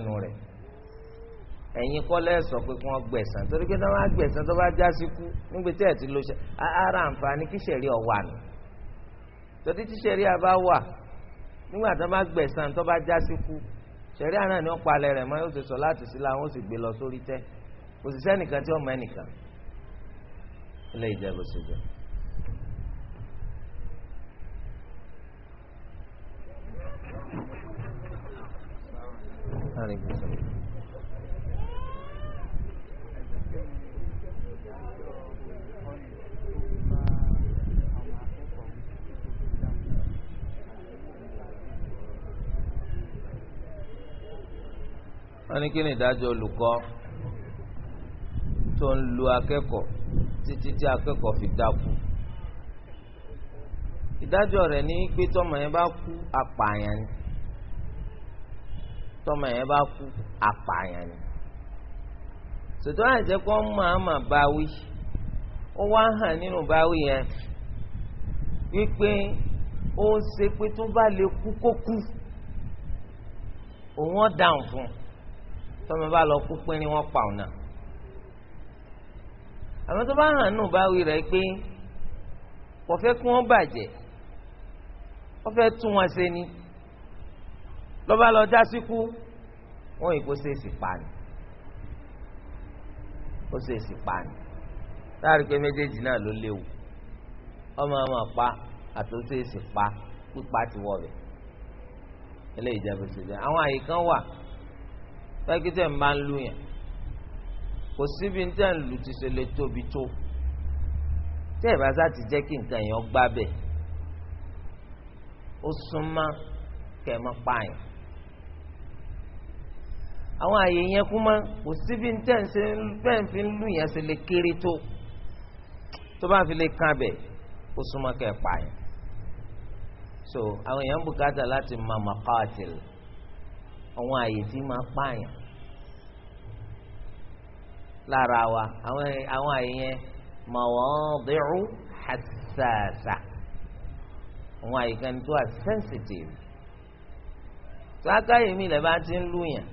ẹ̀yin kọ́lẹ́ sọ pé kí wọ́n gbẹ̀sán torí pé táwọn agbẹ̀sán tó bá já sí kú nígbè tí ẹ̀ ti lo ara àǹfààní kí sẹ̀rí ọ̀wà nù torí tí sẹ̀rí àbá wà nígbà tó bá gbẹ̀sán tó bá já sí kú sẹ̀rí àná ni wọ́n palẹ̀ rẹ̀ mọ́ yóò ti sọ láti sílá wọn ó sì gbé lọ sórí tẹ́ kò sì sẹ́nìkan tí ọmọ ẹnìkan ilé ìjẹ́bù sí jẹ́. Thank you. wọ́n ní kí ni ìdájọ́ olùkọ́ tó ń lu akẹ́kọ̀ọ́ títí tí akẹ́kọ̀ọ́ fi dákú ìdájọ́ rẹ̀ ní pé tọ́mọ yẹn bá kú apààyàn ni tọ́mọ yẹn bá kú apààyàn ni tòtò àìjẹ́ kó máàmá báwí ó wá hàn nínú báwí yẹn wípé ó ṣe pé tó bá lè kú kó kú òun ọ̀ dáhùn fún un tọ́mọ bá lọ kú pín ní wọ́n pa ọ̀nà àmọ́ tó bá hàn nù bá wí rẹ̀ pé kò fẹ́ kí wọ́n bàjẹ́ wọ́n fẹ́ tún wọn ṣe ni lọ́ba lọ já síkú wọ́n yìí kó ṣèèṣì pani kó ṣèèṣì pani táàrí pé méjèèjì náà ló léwu ọmọ ọmọ pa àtò ṣèèṣì pa pípa ti wọ̀ bẹ̀ eléyìí jẹ́ bó ṣe jẹ́ àwọn àyè kan wà báyìí tẹ̀ ń bá ń lu yẹn kò síbi tẹ̀ ń lu ti ṣe lè tóbi tó tẹ́ ẹ̀ bá sá ti jẹ́ kí nǹkan yẹn gbá bẹ̀ ó súnmọ́ kẹ́ ẹ mọ́ pààyàn àwọn àyè yẹn kú mọ́ kò síbi tẹ̀ ń ṣe bẹ́ẹ̀ fi lu yẹn ṣe lè kéré tó tó bá fi lè kan bẹ̀ ó súnmọ́ kẹ́ ẹ pààyàn so àwọn èèyàn bùkátà láti mọ mọ́kàtìlì àwọn àyè tí máa pààyàn lára wa àwọn àyè yẹn mawadi'u hassasa àwọn àyè kan tó are sensitive tó akáyè mi lè bá ti ń lùyàn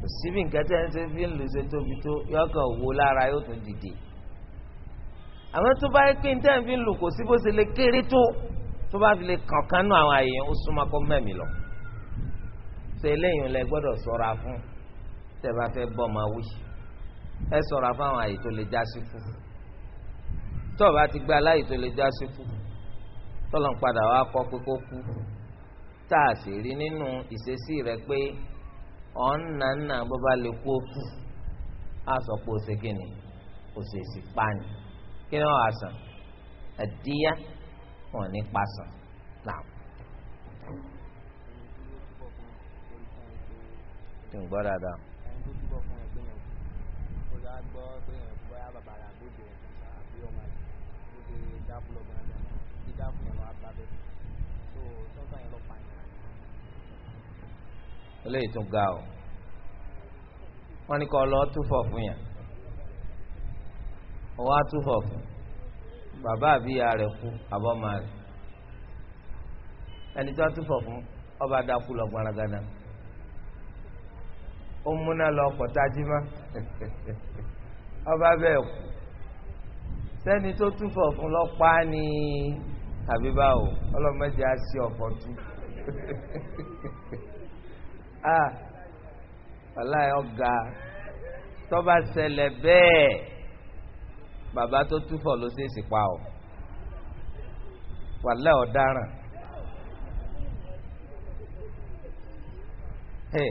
kò síbi nǹkan tí ẹni tó fi ń lù ṣe tóbi tó yọkàn wo lára yóò tún dìde àmọ́ tó bá yẹ kí n tẹ́ ń fi lù kò sí bó ṣe lè kéré tó tó bá fi lè kàn kánú àwọn àyè yẹn ó súnmọ́ kó mẹ́mi lọ ṣe eléyìí lẹ gbọ́dọ̀ ṣọ́ra fún tẹ́ bá fẹ́ bọ́ máa wí ẹ ṣọ́ra fún àwọn àyè tó lè já sí kú tó o bá ti gba aláyè tó lè já sí kú tọ́lọ̀ ń padà wá kọ́ pé kó kú tá a sì rí nínú ìṣesí rẹ pé ọ̀nà náà bó bá lè kú ó kú á sọ pé ó ṣe kí ni ó ṣe sì pa ni kí ni wọ́n á sàn ẹ̀díyá wọn ní pa sàn náà. ń gbọ́ dáadáa. ẹni tó túbọ̀ fún ẹ pé yẹn kò lọ gbọ́ pé yẹn kò bá bàbá rà lóde ẹ̀ àbí ọmọ ẹ̀ kó ṣe dáàbò lọ́gbọ̀n ẹ̀ bí dáàbò yẹn tún ga o wọ́n ní kọ́ lọ túfọ̀ fún yẹn wọ́n á túfọ̀ fún bàbá àbíyá rẹ̀ kú àbọ̀mọ́ rẹ̀ ẹni tó túfọ̀ fún ọba dákú lọ gbaragada ó múná lọ kọ̀tájímá (laughs) ọba bẹ́ẹ̀ kú sẹ́ni tó túfọ̀ fún lọ́pàá ni àbí báwo ọlọ́mọdé á sí ọ̀pọ̀ tú ọláyé ọ̀gá tọ́ba ṣẹlẹ̀ bẹ́ẹ̀ bàbá tó túfọ̀ ló ṣe é pa ọ́ wàlẹ́ ọ̀daràn. Hey.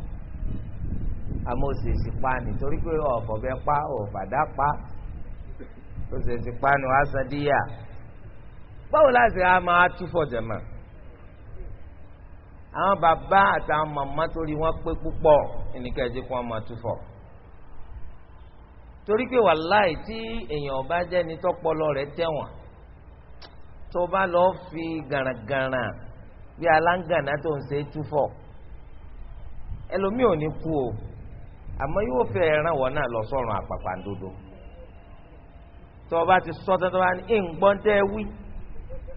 àmọ́ òṣèṣì pa ni torí pé ọ̀fọ̀bẹ pa ọ̀fàdá pa òṣèṣì pa ni wàá san díyà báwo láti á máa túfọ̀ jẹ̀mọ̀ àwọn bàbá àtàwọn màmá torí wọn pé púpọ̀ ìníkẹ́jẹ́ kí wọ́n máa túfọ̀ torí pé wàláì tí èèyàn bá jẹ́ni tọ́pọlọ rẹ̀ tẹ̀wọ̀n tó bá lọ fi gàràngàrà bí aláǹgànà tó ń ṣe túfọ̀ ẹlòmíì ò ní kú o àmọ́ yóò fẹ́ ẹran wọ̀ náà lọ sọ́run àpàpàǹdodo tó o bá ti sọ tó bá ní nǹkan tẹ́ ẹ wí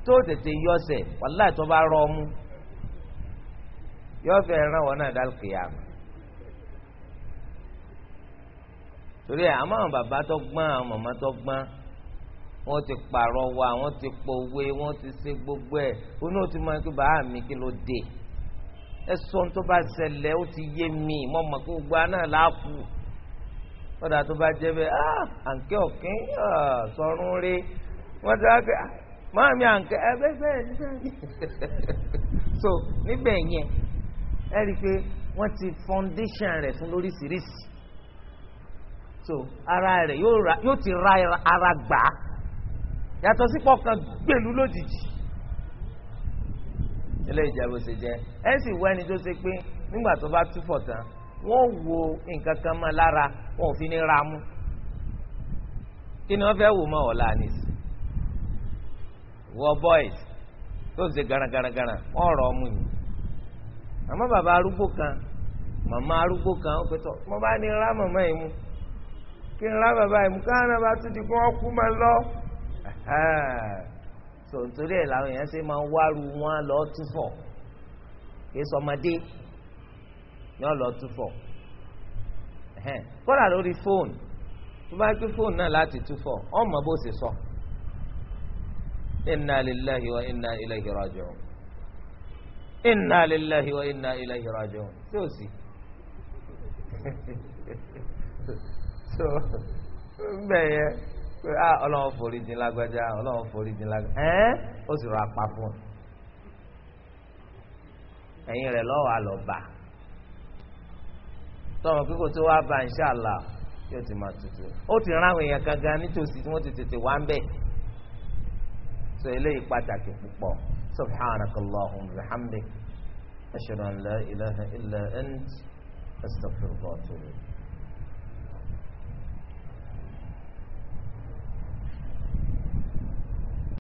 tó tètè yọsẹ̀ wàláì tó bá rọ ọmú yóò fẹ́ ẹran wọ̀ náà dálùkìyàmù. torí àmọ́ àwọn bàbá tó gbọ́n àwọn màmá tó gbọ́n wọ́n ti pààrọ̀ wa wọ́n ti pòwe wọ́n ti ṣe gbogbo ẹ̀ oní òtún máa ń kí bàá mi kí ló dé ẹ sọ ohun tó bá ṣẹlẹ̀ ó ti yé mi mọ́ mọ́ kó gba náà láàkú ọ̀dà tó bá jẹ́ bẹ́ẹ̀ ah àǹkẹ́ ọ̀kín ah, sọ̀rùn rí wọ́n ti wá pé ah, máa mi àǹkẹ́ ẹ bẹ́ẹ̀ bẹ́ẹ̀ ní (laughs) so níbẹ̀ yẹn ẹ rí i pé wọ́n ti foundation rẹ̀ fún lóríṣiríṣi so ara rẹ̀ yóò ti ra ara gbà yàtọ̀ sí pọ̀ kan gbèlú lójijì. eléyìí jẹ́ bó ṣe jẹ́ ẹ sì wọ ẹni tó ṣe pé nígbà tó bá wo nǹkan kan mọ́ lára wọn ò fi ní ra mú kí ni wọ́n wò wọ boys tó ṣe ọmú yìí bàbá arúgbó kan màmá arúgbó kan ó pẹ́tọ́ mo bá ní ra màmá yìí mú kí n ra bàbá yìí mú káwọn náà bá tún lọ. so nítorí ẹ̀ làwọn èèyàn ṣe máa ń wárú wọn lọ túfọ̀ kì í sọmọdé ní ọ̀lọ́ túfọ̀ kọ́ra lórí fóònù tó bá gbé fóònù náà láti túfọ̀ ọmọ bó sọ inna lillahi wa inna ilayhi raji'un inna lillahi wa inna ilayhi raji'un tí (laughs) so bẹ́ẹ̀ yẹn. pé a ah, ọlọ́run forí jìn lágbájá ọlọ́run forí jìn lágbájá ẹ́ ó sì rọ apá fún un ẹ̀yìn rẹ̀ lọ́wọ́ àlọ́ba tọ́wọ́ pé tó wá bá inṣàlá yóò ti máa tutù ó ti rán àwọn èèyàn gangan nítòsí tí wọ́n ti tètè wá sọ eléyìí pàtàkì púpọ̀ wa an la ilaha illa